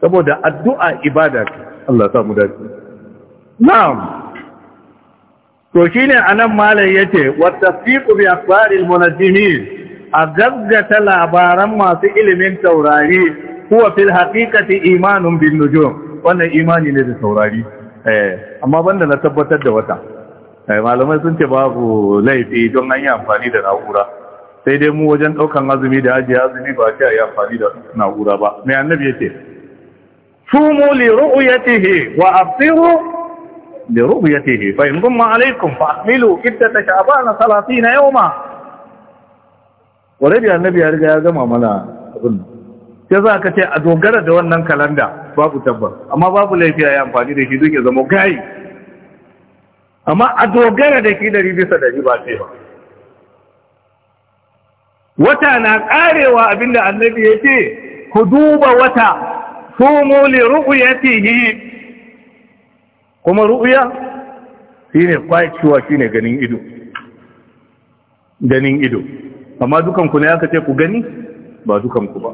Speaker 1: saboda addu'a ibada ce Allah samu dace na'am to shi shine anan malam yace wa tasfiqu bi asbaril munajjimin a gaggata labaran masu ilimin taurari kuwa fil haqiqati imanun bin nujo, wannan imani ne da taurari eh, Amma ban da na tabbatar da wata eh, malamai sun ce babu laifi don an yi amfani da na'ura sai dai mu wajen ɗaukan azumi da ajiye azumi ba ce a yi amfani da na'ura ba mai annabi yace sumu li ru'yatihi wa afsiru li ru'yatihi fa in gumma alaykum fa akmilu iddata sha'ban 30 yawma walabi annabi ya riga ya gama mana abin sai za ka ce a dogara da wannan kalanda babu tabbas amma babu laifi a yi amfani da shi duke zama gayi amma a dogara da shi dari bisa dari ba sai wata na karewa abinda annabi ya ce ku duba wata sumu li ru'yatihi kuma ru'ya shine kwacewa shine ganin ido ganin ido amma dukan ku ne aka ce ku gani ba dukan ku ba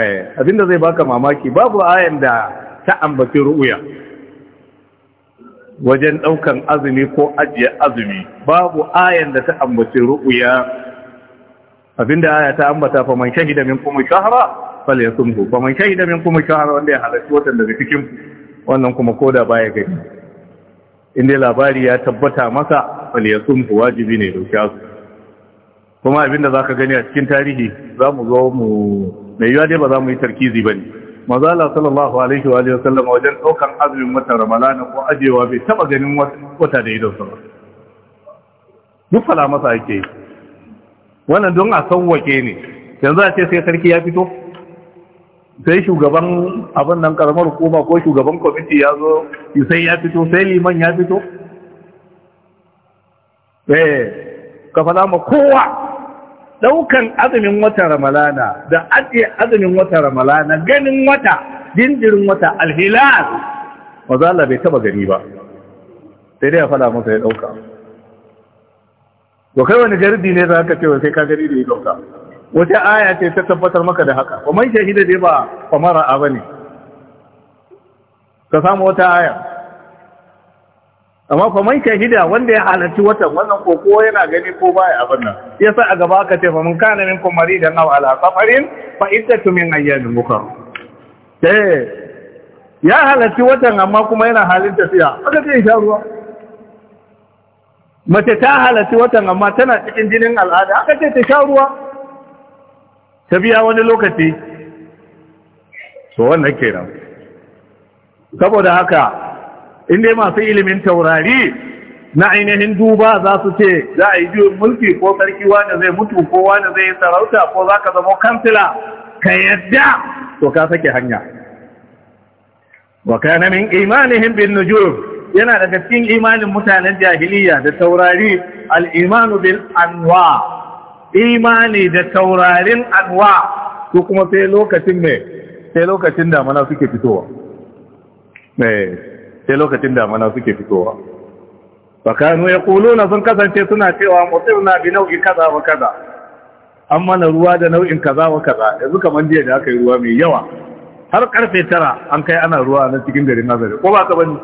Speaker 1: eh abinda zai baka mamaki babu ayan da ta ambaci ru'ya wajen daukan azumi ko ajiye azumi babu ayan da ta ambaci ru'ya abinda aya ta ambata fa man shahida minkum shahra fal yasumhu fa man shahida minkum shahra wanda ya halarci watan daga cikin wannan kuma koda baya gani in dai labari ya tabbata masa fal yasumhu wajibi ne dauki azu kuma abinda zaka gani a cikin tarihi zamu zo mu mai yawa dai ba za mu yi tarkizi bane manzo Allah sallallahu alaihi wa alihi wasallam wajen daukan azumin watan Ramadan ko ajewa bai taba ganin wata da ido sa duk fala masa yake wannan don a sauwake ne yanzu a ce sai sarki ya fito sai shugaban abin nan karamar hukuma ko shugaban kwamiti ya zo sai ya fito sai liman ya fito eh ka ma kowa ɗaukan azumin wata ramalana da ajiye azumin wata ramalana ganin wata jinjirin wata alhilal mazala bai taba gani ba sai dai ya faɗa masa ya ɗauka to wani gardi ne za ka ce wa sai ka gani da ya ɗauka wata aya ce ta tabbatar maka da haka man shahida dai ba kamar a bane ka samu wata aya amma man shahida wanda ya halarci watan wannan koko yana gani ko baya abin nan yasa a gaba aka ce fa mun kana min kumari da nawa ala safarin fa iddatu min ayyamin ukhra eh ya halarci watan amma kuma yana halin tafiya aka ce sha ruwa mace ta halarci watan amma tana cikin jinin al'ada aka ce ta sha ruwa ta biya wani lokaci to wannan kenan saboda haka inda dai masu ilimin taurari na ainihin duba za su ce za a yi biyun mulki ko sarki wanda zai mutu ko wanda zai yi sarauta ko za ka zama kansila ka yadda to ka sake hanya waka na min imanihin bin Nijur, yana daga cikin imanin mutanen jahiliya da taurari al-imanu bil anwa imani da taurarin anwa Ko kuma sai lokacin mai sai lokacin damana suke fitowa mai sai lokacin damana suke fitowa bakanu ya kuluna sun kasance suna cewa na bi nau'in kaza wa kaza an mana ruwa da nau'in kaza wa kaza yanzu kamar jiya da aka yi ruwa mai yawa har karfe tara an kai ana ruwa na cikin garin nazari ko ba ka bani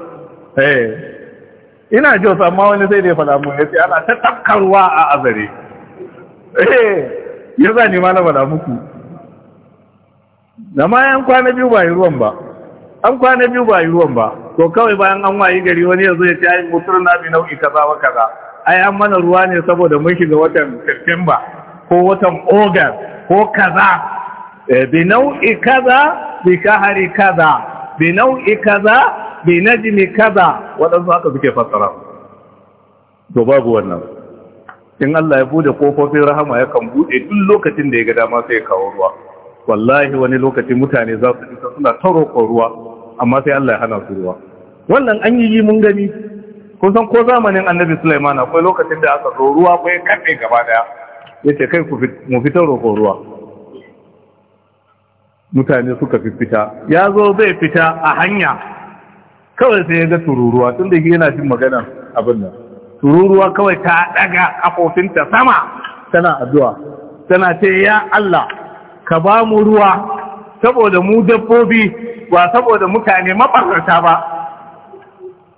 Speaker 1: eh. ina jos amma wani sai da ya mu mun ce ana ta ruwa a azare eh ya za ne ma na bada muku da ma yan kwana biyu ba yi ruwan ba an kwana biyu ba yi ruwan ba to kawai bayan an wayi gari wani ya zo ya ce ayin mutum na bi nau'i kaza wa kaza ai an mana ruwa ne saboda mun shiga watan September ko watan August ko kaza eh, bi nau'i kaza bi kahari kaza bi nau'i kaza bi najmi kaza waɗansu haka suke fassara to babu wannan in Allah ya bude kofofin rahama ya kan bude duk lokacin da ya ga dama sai ya kawo ruwa wallahi wani lokacin mutane za su isa suna ta roƙon ruwa amma sai Allah ya hana su ruwa wannan an yi mun gani kusan ko zamanin annabi Sulaiman akwai lokacin da aka zo ruwa ko ya kafe gaba daya yace kai ku mu fitar roƙon ruwa mutane suka fita ya zo zai fita a hanya kawai sai ya ga tururuwa tunda yana jin magana abin nan tururuwa kawai ta daga kafofinta sama tana addu'a tana ce ya Allah ka ba mu ruwa saboda mu dabbobi ba saboda mutane mabarrata ba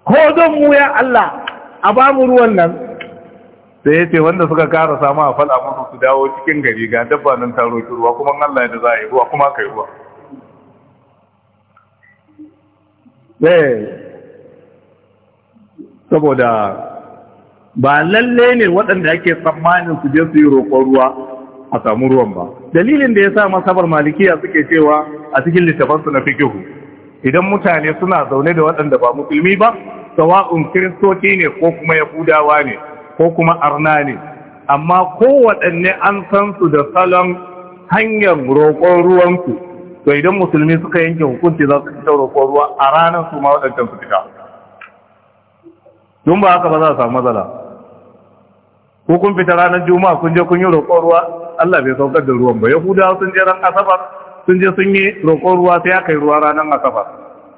Speaker 1: ko don mu ya Allah a ba mu ruwan nan sai ya ce wanda suka kara samu a fada musu su dawo cikin gari ga dabba nan ta roƙi ruwa kuma Allah da za a yi ruwa kuma ka yi ruwa eh, saboda ba lalle ne waɗanda ake tsammanin su je su yi roƙon ruwa a samu ruwan ba dalilin da ya sa masabar malikiya suke cewa a cikin littafansu na fikihu idan mutane suna zaune da waɗanda ba musulmi ba sawa'un kiristoci ne ko kuma yahudawa ne ko kuma arna ne amma ko waɗanne an san su da salon hanyar roƙon ruwansu to idan musulmi suka yanke hukunci za su fita roƙon ruwa a ranar su ma waɗancan su fita don ba haka ba za a samu matsala ko kun fita ranar juma'a kun je kun yi roƙon ruwa Allah bai saukar da ruwan ba yahudawa sun je ran asabar sun je sun yi roƙon ruwa sai aka yi ruwa ranar asabar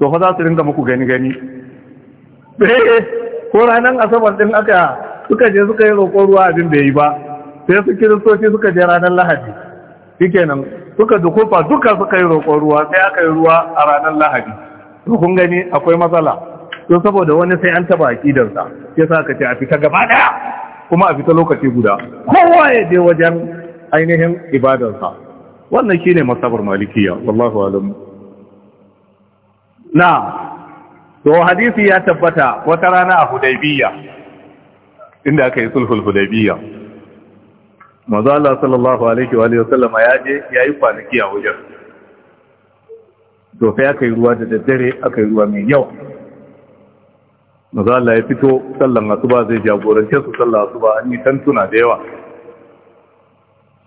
Speaker 1: to fa za su ringa muku gani gani eh, bai ko ranar asabar din aka suka je suka yi roƙon ruwa abin bai yi ba sai su kiristoci suka je ranar lahadi shikenan suka dukufa duka suka yi roƙon ruwa sai aka yi ruwa a ranar lahadi to kun gani akwai matsala don saboda wani sai an taba aqidarsa sa ka ce a fita gaba daya kuma a fita lokaci guda kowa ya je wajen ainihin ibadarsa wannan shine masabar malikiya wallahu alam na to hadisi ya tabbata wata rana a hudaybiya inda aka yi sulhul hudaybiya manzo Allah sallallahu alaihi wa sallama ya je yayi kwanaki a wajen to sai aka yi ruwa da daddare aka yi ruwa mai yawa maza Allah ya fito sallan asuba zai jagorance su sallan asuba an yi tantuna da yawa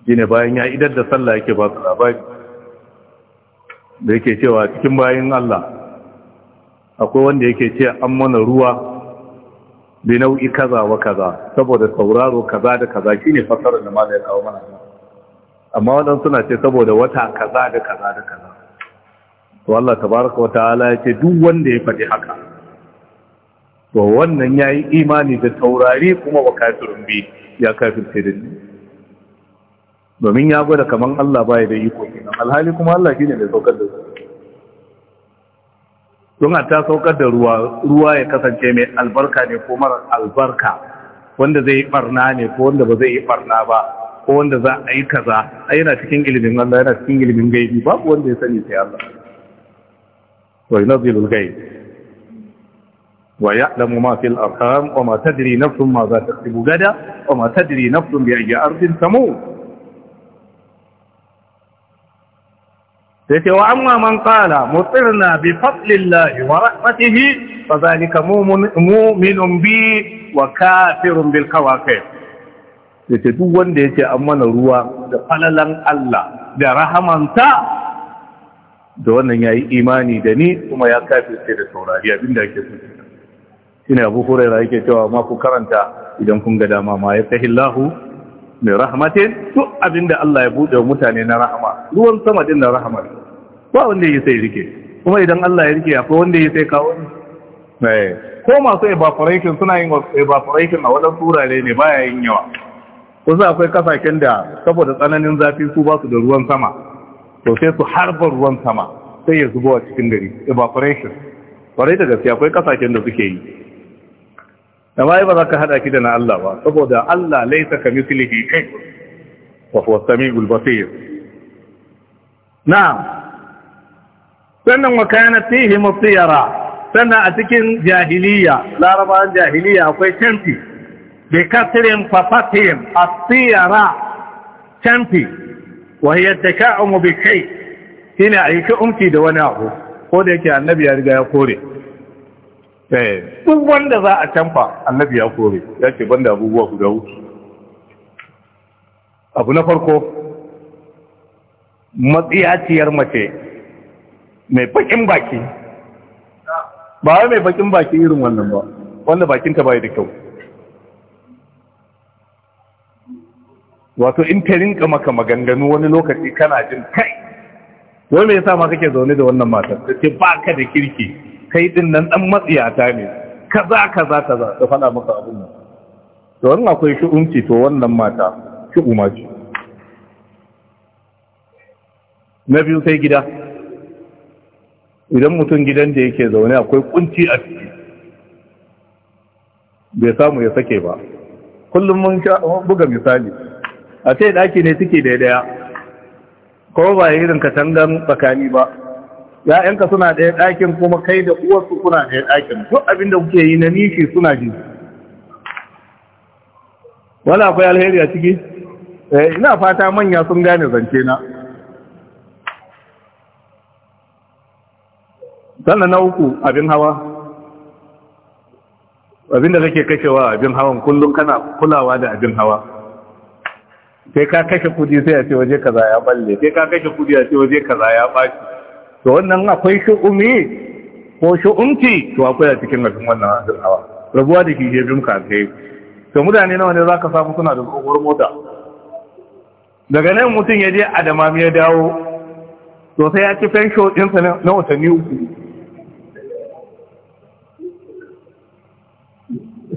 Speaker 1: Gine bayan ya idar da sallah yake ba su labari da yake cewa cikin bayan Allah akwai wanda yake ce an mana ruwa bi nau'i kaza wa kaza saboda sauraro kaza da kaza ne fasarar da malai kawo mana amma waɗansu suna ce saboda wata kaza da kaza da kaza to Allah tabaraka wa ta'ala ya ce duk wanda ya faɗi haka to wannan ya yi imani da taurari kuma wa kafirin bi ya kafirce da ni domin ya gwada kamar Allah baya da iko kenan alhali kuma Allah shine mai saukar da su don a ta saukar da ruwa ruwa ya kasance mai albarka ne ko mara albarka wanda zai yi barna ne ko wanda ba zai yi barna ba ko wanda za a yi kaza a yana cikin ilimin Allah yana cikin ilimin gaibi babu wanda ya sani sai Allah wa yunzilul ghaib wa ya'lamu ma fil arham wa ma tadri nafsun ma za taqtibu gada wa ma tadri nafsun bi ayyi ardin tamu sai wa amma man qala mutirna bi fadlillahi wa rahmatihi fa zalika mu'minun bi wa kafirun bil qawaqib sai duk wanda yake amma mana ruwa da falalan Allah da rahamanta da wannan yayi imani da ni kuma ya kafirce da saurari abinda yake so shine abu huraira yake cewa ma ku karanta idan kun ga dama ma ya lahu, mai rahmatin duk abinda Allah ya bude mutane na rahama ruwan sama din na rahama ba wanda ya sai rike kuma idan Allah ya rike akwai wanda ya sai kawo ne. Eh, ko masu evaporation suna yin evaporation a wadansu wurare ne baya yin yawa wasu akwai kasashen da saboda tsananin zafi su ba su da ruwan sama to sai su harbar ruwan sama sai ya zubo a cikin gari evaporation kwarai da gaske akwai kasashen da suke yi amma ba za ka hada ki da na Allah ba saboda Allah laisa ka mislihi kai wa huwa samiul Na sannan wa kana fihi mutiyara sannan a cikin jahiliya larabawan jahiliya akwai canfi bi katrin fafatihim at-tiyara canfi wa hiya taka'um bi kai shine ayi ka umki da wani abu ko da yake annabi ya riga ya kore Eh, duk wanda za a canfa annabi ya kore ya ce banda abubuwa guda wuce abu na farko matsiyaciyar mace mai bakin baki ba wai mai bakin baki irin wannan ba wanda bakinta bai da kyau wato in ta rinka maka maganganu wani lokaci kana jin kai wai me yasa ma kake zaune da wannan matar ta ce ba ka da kirki kai din nan dan matsiyata ne kaza kaza kaza da faɗa maka abin nan to wannan akwai shu'umci to wannan mata shu'uma ce na biyu sai gida idan mutum gidan da yake zaune akwai kunci a ciki bai samu ya sake ba kullum mun buga misali a ce daki ne suke daidaya ko ba irin katangan tsakani ba ya'yanka suna ɗaya ɗakin kuma kai da uwarsu kuna ɗaya ɗakin duk abin da kuke yi na nishi suna ji Wani akwai alheri a ciki eh, ina fata manya sun gane zance na sannan na uku abin hawa abin da kake kashewa abin hawan kullum kana kulawa da abin hawa sai ka kashe kudi sai a ce waje kaza ya balle sai ka kashe kudi a ce waje kaza ya baci to wannan akwai shu'umi ko shu'umti to akwai a cikin nafin wannan hasil hawa rabuwa da shi ke ka sai to mutane nawa ne zaka samu suna da tsohuwar mota daga nan mutum ya je adamami ya dawo to sai ya ci fensho ɗinsa na watanni uku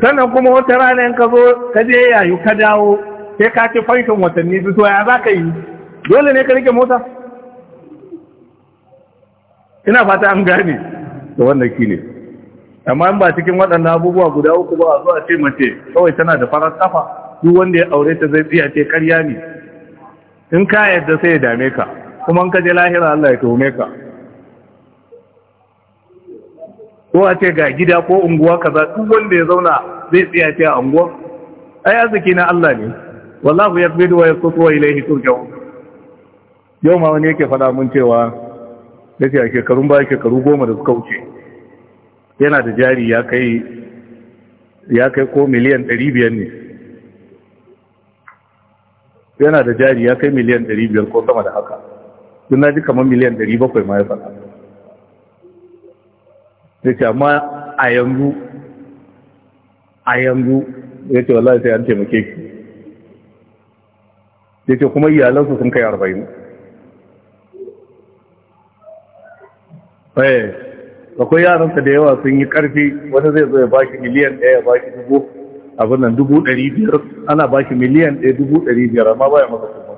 Speaker 1: sannan kuma wata rana in ka zo ka je yayu ka dawo sai ka ci fenshon watanni biyu to ya za ka yi dole ne ka rike mota ina fata an gane da wannan ki ne amma ba cikin waɗannan abubuwa guda uku ba a zo ce mace kawai tana da farar kafa duk wanda ya aure ta zai tsiya ce karya ne in ka yadda sai ya dame ka kuma in ka je lahira Allah ya tuhume ka ko a ce ga gida ko unguwa kaza duk wanda ya zauna zai tsaya ce a unguwa ai arziki na Allah ne wallahu yakbidu wa yasutu wa ilayhi turja'un yau ma wani yake fada mun cewa ya ce a shekarun baya shekaru goma da suka wuce yana da jari ya kai ya kai ko miliyan ɗari biyar ne yana da jari ya kai miliyan ɗari biyar ko sama da haka sun na ji kamar miliyan ɗari bakwai ma ya faɗa ya ce amma a yanzu a yanzu ya ce wallahi sai an taimake shi ya ce kuma iyalansu sun kai arba'in eh akwai yaransa da yawa sun yi karfi wani zai zo ya baki miliyan ɗaya ya baki dubu abin nan dubu ɗari biyar ana baki miliyan ɗaya dubu ɗari biyar amma baya maka kuma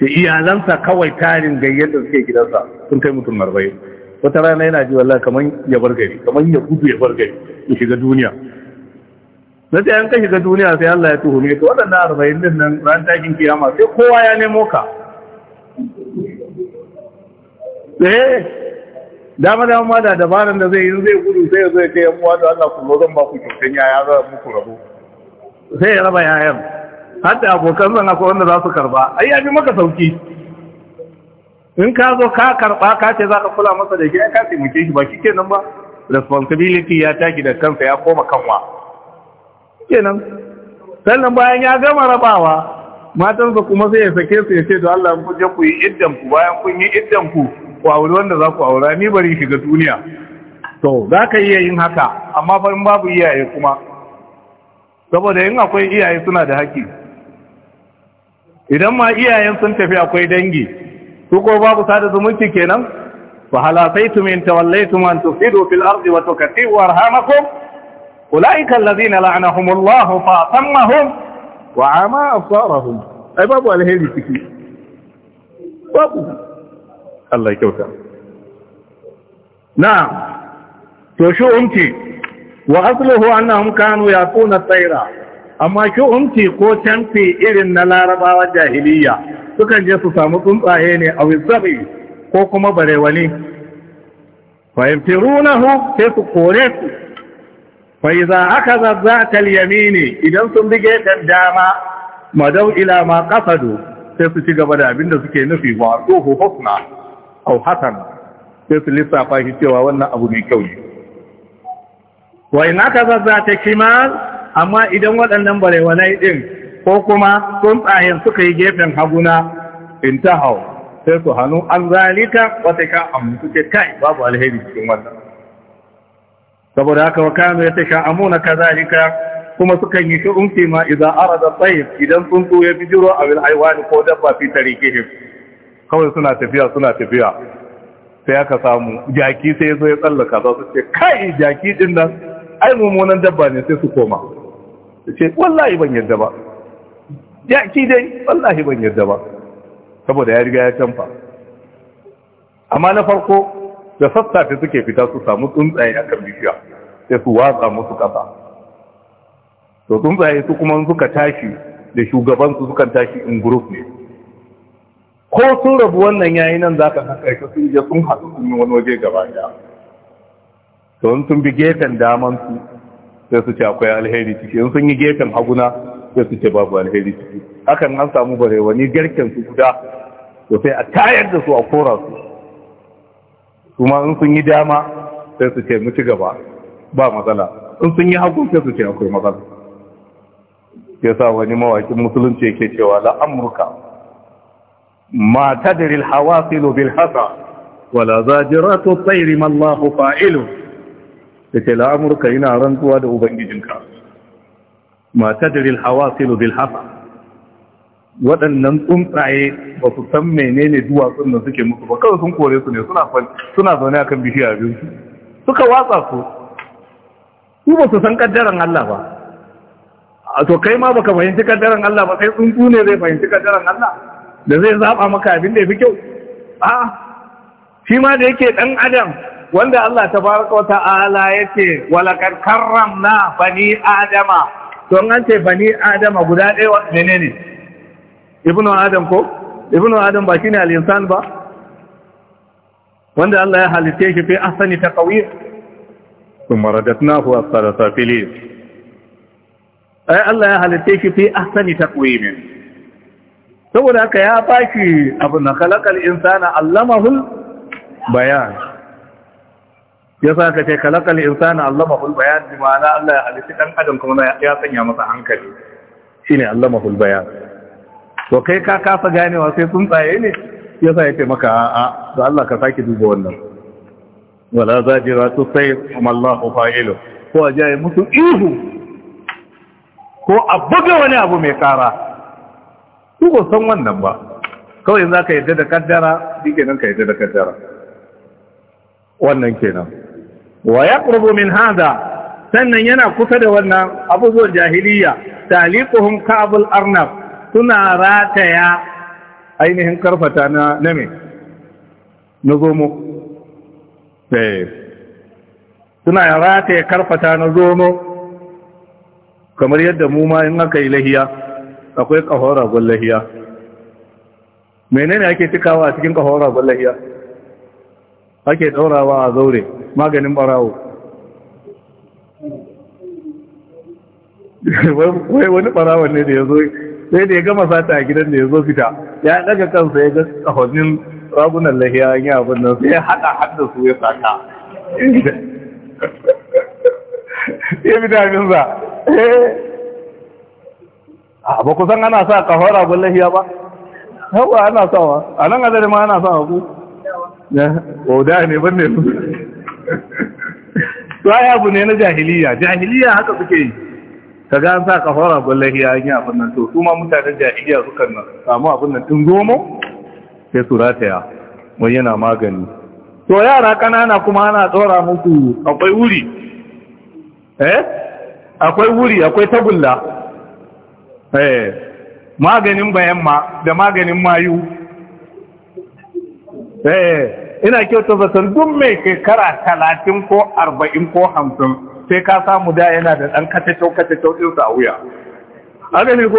Speaker 1: da iyalansa kawai tarin gayyatar suke gidansa sun kai mutum arba'in wata rana yana ji wallah kamar ya bar gari kamar ya gudu ya bar gari ya shiga duniya na an ka shiga duniya sai Allah ya tuhume to waɗannan arba'in din nan ran takin kiyama sai kowa ya nemo ka eh dama dama ma da dabaran da zai yi zai gudu sai ya zo ya kai yan da Allah ku zo zan ba ku kyautan yaya za mu ku rabo sai ya raba yayan hatta abokan zan akwai wanda za su karba ai ya bi maka sauki in ka zo ka karba ka ce za ka kula masa da gida ka ke shi ba shi kenan ba responsibility ya taki da kansa ya koma kanwa kenan sannan bayan ya gama rabawa matansa kuma sai ya sake su ya ce to Allah ku je ku yi iddan ku bayan kun yi iddan ku ku auri wanda za ku aura ni bari shiga duniya to za ka iya yin haka amma farin babu iyaye kuma saboda yin akwai iyaye suna da haƙƙi idan ma iyayen sun tafi akwai dangi su ko babu sada zumunci kenan fa halasaitum in tawallaitum an tufidu fil ardi wa tukatibu arhamakum ulaika alladhina la'anahumullahu fa atammahum wa ama asarahum ai babu alheri ciki babu Allah ya kyauta na'am to shi umti, wa asluhu annahum kanu kuna tsaira amma shi umti ko canfi irin na larabawa jahiliya sukan je su samu tsuntsaye ne a wizabi ko kuma barewani fayimtirunahu sai su kore su faiza aka zazzata ne idan sun bige kan dama madau ila ma qasadu sai su ci gaba da abinda suke nufi wa ruhu hukuna. au hasan sai su lissafa shi cewa wannan abu mai kyau ne wai na ka ta kimar amma idan waɗannan barewanai ɗin ko kuma tsuntsayen suka yi gefen haguna in ta hau sai su hannu an zalika wata ka amma suke kai babu alheri cikin wannan saboda haka wa kanu ya tasha amuna kazalika kuma sukan yi shi'un ma idan arada tsayif idan tsuntsu ya bijiro a wil haiwani ko dabba fi tarikihim kawai suna tafiya suna tafiya sai aka samu jaki sai ya zo ya tsallaka za su ce kai jaki din nan ai mummunan dabba ne sai su koma su ce wallahi ban yadda ba jaki dai wallahi ban yadda ba saboda ya riga ya canfa amma na farko da sassafe suke fita su samu tsuntsaye a kan bishiya sai su watsa musu kasa to tsuntsaye su kuma suka tashi da shugabansu sukan tashi in group ne ko sun rabu wannan yayi nan za ka haƙaƙa sun je sun haɗu sun yi wani waje gaba ɗaya to in sun bi gefen daman su sai su ce akwai alheri ciki in sun yi gefen haguna sai su ce babu alheri ciki hakan an samu barewani garken su guda to sai a tayar da su a kora su kuma in sun yi dama sai su ce mu ci gaba ba matsala in sun yi hagu sai su ce akwai matsala ya sa wani mawakin musulunci yake cewa la'amurka amurka ما تدري الحواصل بالحصى ولا زاجرات الطير ما الله فاعله yace la'amurka ina rantsuwa da ubangijinka ma tadri alhawasil bil hafa wadannan tsuntsaye ba su san menene duwatsun da suke musu ba kawai sun kore su ne suna zaune a kan bishiya biyu suka watsa su su ba su san kaddaran Allah ba a to kai ma baka fahimci kaddaran Allah ba sai tsuntsu ne zai fahimci kaddaran Allah da zai zaba maka abin da ya fi kyau a shi ma da yake dan adam wanda Allah Ta ya wata'ala yake karram na bani adama to an ce bani adama guda ɗaya menene ibnu adam ko ibnu adam ba shine al-insan ba wanda Allah ya halitte shi fi ahsani taqwir ثم رددناه أسفل ay Allah ya هل shi fi ahsani taqwimin saboda haka ya baki abu na kalakal insana allamahul bayan ya sa ka ce kalakal insana allamahul bayan bi ma'ana Allah ya halittu ɗan adam kuma ya sanya masa hankali Shi ne allamahul bayan to kai ka kafa ganewa sai tsuntsaye ne ya sa ya ce maka a'a da Allah ka sake duba wannan wala za ratu sai kuma Allah fa'ilu ko jaye musu ihu ko a buga wani abu mai kara su ba san wannan ba kawai za ka yadda da kaddara shi kenan ka yadda da kaddara wannan kenan wa yaqrubu min hada sannan yana kusa da wannan abubuwan jahiliya taliquhum ka'bul arnab suna rataya ainihin karfata na name na zomo eh suna rataya karfata na zomo kamar yadda mu ma in aka yi lahiya akwai ƙahon ragon lahiya menene ake cikawa a cikin ƙahon ragon lahiya ake ɗaurawa a zaure maganin ɓarawo wai wani ɓarawon ne da ya zo sai da ya gama sata a gidan da ya zo fita ya ɗaga kansa ya ga ƙahonin ragunan lahiya an yi abin nan sai ya haɗa haɗa su ya sata ya bi za a ba kusan ana sa kafar abin lahiya ba yawa ana sawa a nan azari ma ana sawa ku wauda ne ban ne su ya abu ne na jahiliya jahiliya haka suke yi ka ga an sa kafar abin lahiya an yi abin nan to su ma mutanen jahiliya sukan nan samu abin nan tun zomo sai su rataya yana magani to yara kanana kuma ana tsora muku akwai wuri eh akwai wuri akwai tagulla Eh, maganin bayan ma da maganin mayu eh, ina kyauta zaton duk mai kekara talatin ko arba'in ko hamsin sai ka samu da yana da ɗan katacau-katacau ɗinsa a wuya agani ko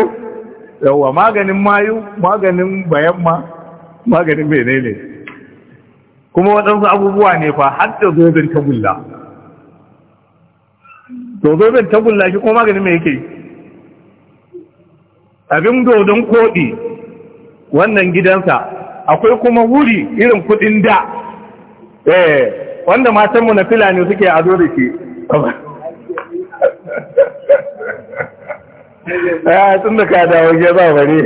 Speaker 1: yawwa maganin mayu maganin bayan ma maganin benene. kuma waɗansu abubuwa ne fa har da zoben tagulla to zoben tagulla shi ko maganin mai yake yi abin dodon koɗi wannan gidansa akwai kuma wuri irin kuɗin da eh wanda matanmu na filani suke ado da shi ya eh, tun da ka dawo ke za bane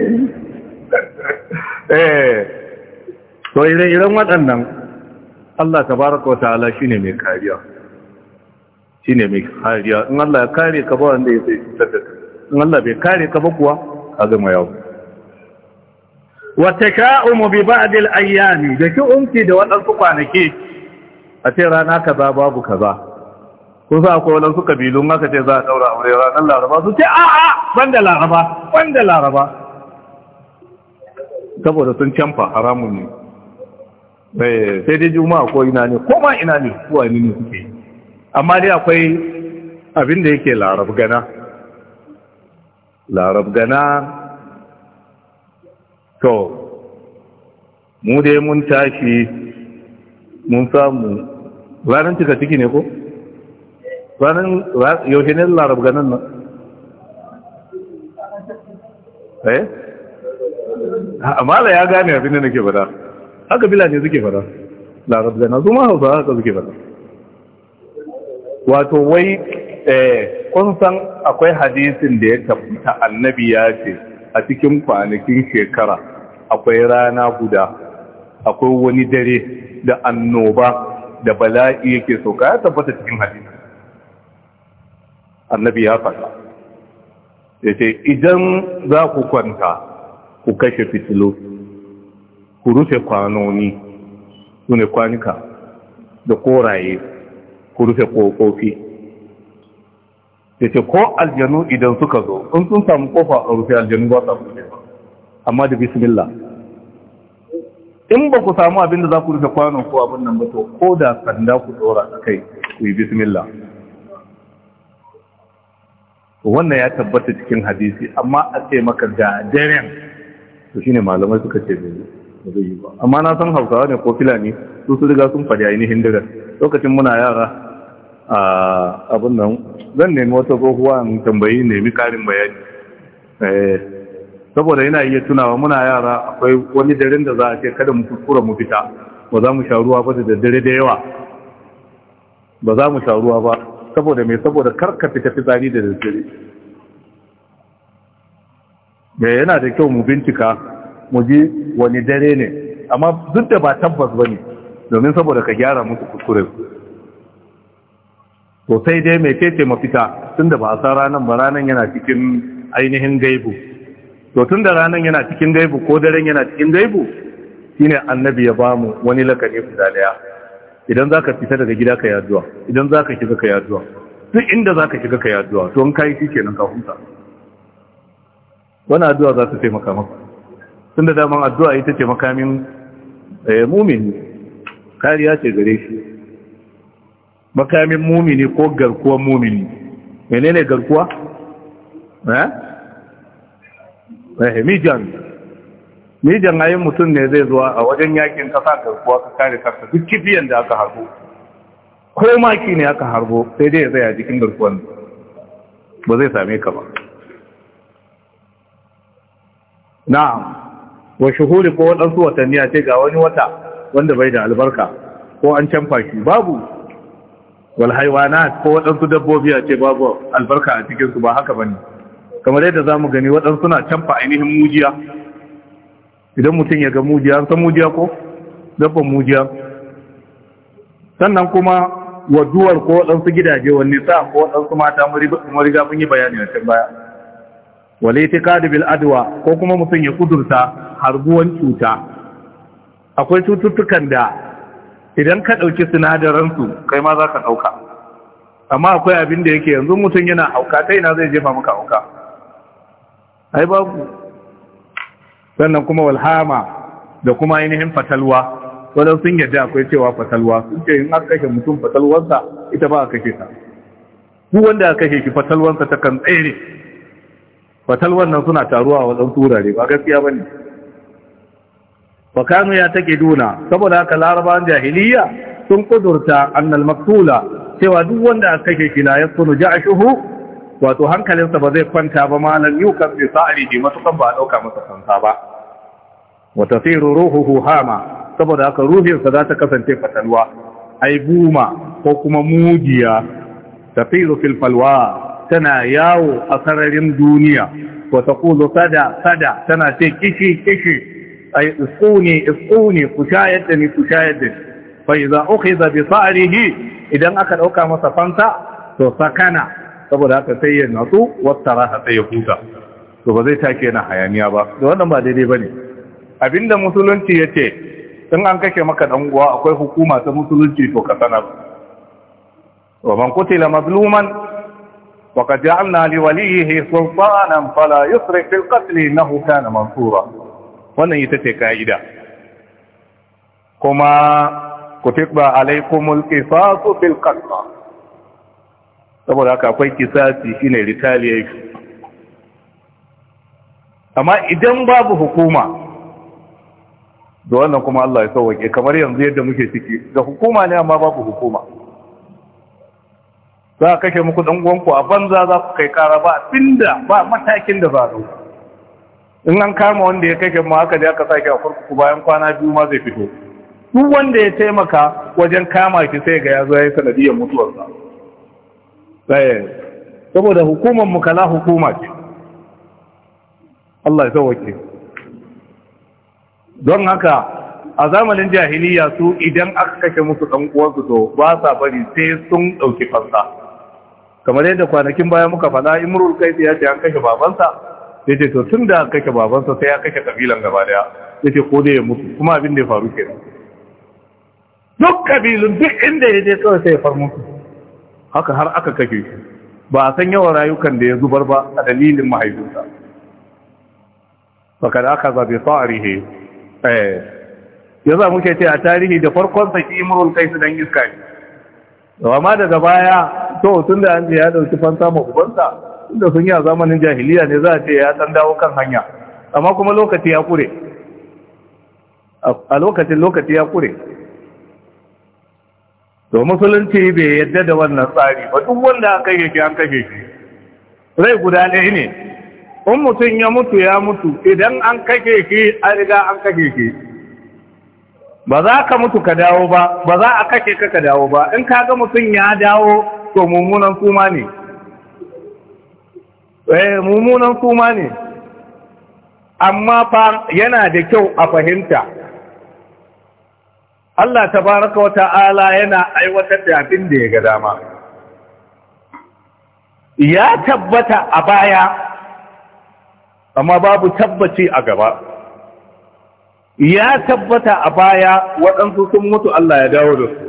Speaker 1: eh to ire-iren waɗannan Allah tabaraka wata'ala shine mai kariya shine mai kariya in Allah ya kare ka ba wanda ya sai cutar da in Allah bai kare ka ba kuwa azuma yau wata ka'umu bi ba'dil ayyami da ki umki da waɗansu kwanaki a ce rana kaza babu kaza kun za akwai waɗansu ƙabilun maka ce za a ɗaura aure ranar laraba su ce a'a ban da laraba ban da laraba saboda sun canfa haramun ne sai dai juma'a ko ina ne ko ma ina ne kuwa ne suke amma dai akwai abin da yake larab gana larab gana to mu dai mun tashi mun samu ranar cika ciki ne ko? ranar yaushe ne larab ganan nan eh amala ya gane abin da nake fada haka ne suke fara larab gana zuma hausa haka suke fara wato wai eh kun san akwai hadisin da ya tabbata annabi ya ce a cikin kwanakin shekara akwai rana guda akwai wani dare da annoba da bala'i yake soka ya tabbata cikin hadisi annabi ya faɗa ya ce idan za ku kwanta ku kashe fitilo ku rufe kwanoni su ne kwanika da koraye ku rufe ƙofofi ya ce ko aljanu idan suka zo in sun samu kofa a rufe aljanu ba sa rufe amma da bismillah in ba ku samu abin da za ku rufe kwanon ko abin nan ba ko da sanda ku tsora a kai ku yi bismillah wannan ya tabbata cikin hadisi amma a ce maka da daren to shine malamai suka ce bai zai yi ba amma na san hausawa ne ko filani su su riga sun faɗi ainihin daren lokacin muna yara abin nan zan nemi wata gohuwa in tambayi nemi karin bayani eh, saboda yana iya tunawa muna yara akwai wani daren da za a ce kada mu kuskura mu fita ba za mu sha ruwa ba da dare da yawa ba za mu sha ruwa ba saboda mai saboda karka fita fitsari da daddare mai eh, yana da kyau mu bincika mu ji wani dare ne amma duk da ba tabbas ba ne domin saboda ka gyara musu kuskure to sai dai mai ce mafita tun da ba a san ranar ba ranar yana cikin ainihin gaibu to tun da ranar yana cikin gaibu ko daren yana cikin gaibu shine annabi ya bamu wani lakani guda daya idan za ka fita daga gida ka yaduwa idan za ka shiga ka yaduwa duk inda za ka shiga ka yaduwa to in kai shikenan ka huta wani addu'a za ta taimaka maka da daman addu'a ita ce makamin eh, mu'min kariya ce gare shi makamin mumini ko garkuwar mumini ne garkuwa eh eh mijan mijan ayin mutum ne zai zuwa a wajen yakin kasa garkuwa ka kare kanka duk kibiyan da aka harbo ko maki ne aka harbo sai dai ya a jikin garkuwan ba zai same ka ba na'am wa shuhuri ko waɗansu watanni a ce ga wani wata wanda bai da albarka ko an canfa shi babu wal haiwanat ko waɗansu dabbobi a ce babu albarka a cikinsu ba haka bane kamar yadda zamu gani waɗansu na canfa ainihin mujiya idan mutum ya ga mujiya an san mujiya ko dabban mujiya sannan kuma waduwar ko waɗansu gidaje wani sa ko waɗansu mata mariga mun yi bayani a can baya wale ta bil adwa ko kuma mutum ya kudurta harbuwan cuta akwai cututtukan da idan ka ɗauki sinadaransu kai ma za ka ɗauka amma akwai abin da yake yanzu mutum yana hauka ta ina zai jefa maka hauka ai babu sannan kuma walhama da kuma ainihin fatalwa wadda sun yadda akwai cewa fatalwa sun ce in har kashe mutum fatalwarsa ita ba a kashe ta ku wanda aka kashe shi fatalwarsa ta kan tsere fatalwar nan suna taruwa a wajen turare ba gaskiya ba ne wa ya take duna saboda haka larabawan jahiliya sun kudurta annal maktula cewa duk wanda aka kashe shi la yasunu wato hankalinsa ba zai kwanta ba malan yukan bi sa'alihi matukan ba dauka masa kansa ba wa tasiru ruhuhu hama saboda haka ruhinsa za ta kasance fatalwa ai buma ko kuma mujiya Safiru fil falwa tana yawo a sararin duniya wa taqulu sada sada tana ce kishi kishi ay usuni ne ku shayar da ni ku shayar da ni fa idza ukhidha bi sa'rihi idan aka dauka masa fansa to sakana saboda haka sai ya natsu wattaraha sai ya huta to ba zai take yana hayaniya ba da wannan ba daidai bane abinda musulunci yace in an kashe maka dan uwa akwai hukuma ta musulunci to ka sanar wa man qutila mazluman وقد جعلنا لوليه سلطانا فلا يسرف na القتل إنه كان منصورا wannan ita ce ka'ida kuma kutiba alaikumul qisasu bil qatl saboda haka akwai kisasi shine retaliation amma idan babu hukuma da wannan kuma Allah ya sauwake kamar yanzu yadda muke ciki ga hukuma ne amma babu hukuma za a kashe muku ɗangonku a banza za ku kai kara ba finda ba matakin da za a in an kama wanda ya kai ma haka je aka sake a kurkuku bayan kwana biyu ma zai fito duk wanda ya taimaka wajen kama ki sai ga ya zo ya yi sanadiyar mutuwarsa eh, saboda hukumar mukala hukuma ce Allah ya sauke don haka a zamanin jahiliya su idan aka kashe musu dan uwansu to ba sa bari sai sun ɗauki fansa kamar yadda kwanakin baya muka faɗa imrul kaisi ya ce an kashe babansa ya ce to tun da kashe babansa sai ya kashe kabilan gaba daya ya ce ko dai ya mutu kuma abin da ya faru ke. duk kabilun duk inda ya je kawai sai ya far mutu haka har aka kake shi ba a san yawan rayukan da ya zubar ba a dalilin mahaifinsa da aka zabe tsarihe eh. ya za muke ce a tarihi da farkon sa ki kai su dan iska ne amma daga baya to da an je ya dauki fansa ma ubansa da sun yi a zamanin jahiliya ne za a ce ya ɗan dawo kan hanya amma kuma lokaci ya kure a lokacin lokaci ya kure to musulunci bai yadda da wannan tsari ba duk wanda aka yake an kashe shi rai guda ɗaya ne in mutum ya mutu ya mutu idan an kashe shi an riga an kashe shi ba za ka mutu ka dawo ba ba za a kashe ka ka dawo ba in ka ga mutum ya dawo to mummunan kuma ne Eh, mummunan suma ne amma fa yana da kyau a fahimta Allah baraka wa ta'ala yana aiwatar da abin da ya ga dama ya tabbata a baya amma babu tabbaci a gaba ya tabbata a baya waɗansu sun mutu Allah ya dawo da su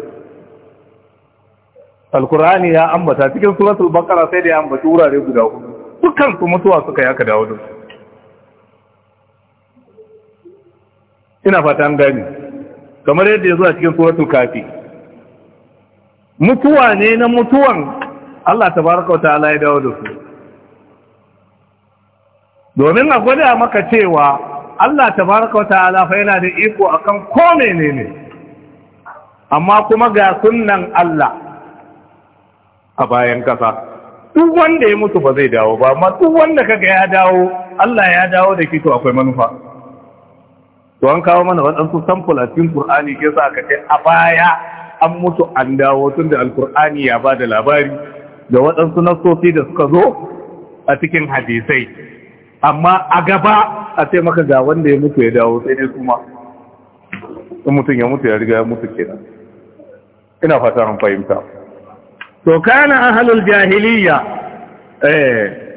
Speaker 1: alkurani ya ambata cikin suratul baqara sai da ya ambaci wurare guda hudu dukkan su mutuwa suka yaka dawo da su ina fata an gani kamar yadda ya zo a cikin suratul kafi mutuwa ne na mutuwan Allah tabaraka ta'ala ya dawo da su domin a gwada maka cewa Allah tabaraka ta'ala fa yana da iko akan ko menene amma kuma ga sunnan Allah a bayan kasa duk wanda ya mutu ba zai dawo ba amma duk wanda kaga ya dawo Allah ya dawo da kito akwai manufa to an kawo mana waɗansu sample a cikin Qur'ani ke sa aka ce a baya an mutu an dawo tun da Alkur'ani ya ba da labari da waɗansu nasosi da suka zo a cikin hadisai amma a gaba a ce maka ga wanda ya mutu ya dawo sai dai kuma in mutum ya mutu ya riga ya mutu kenan ina fata an fahimta وكان أهل الجاهلية إيه.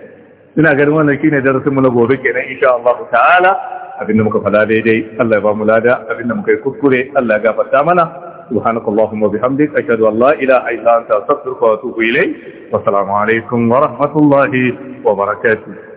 Speaker 1: إنا قدمنا لكينا درس ملقوة بكينا إن شاء الله تعالى أبنى مكفلا دي دي الله يبقى ملادة أبنى مكفلا الله يقف السامنة سبحانك اللهم وبحمدك أشهد أن لا إله إلا أنت أستغفرك
Speaker 2: وأتوب إليك والسلام عليكم ورحمة الله وبركاته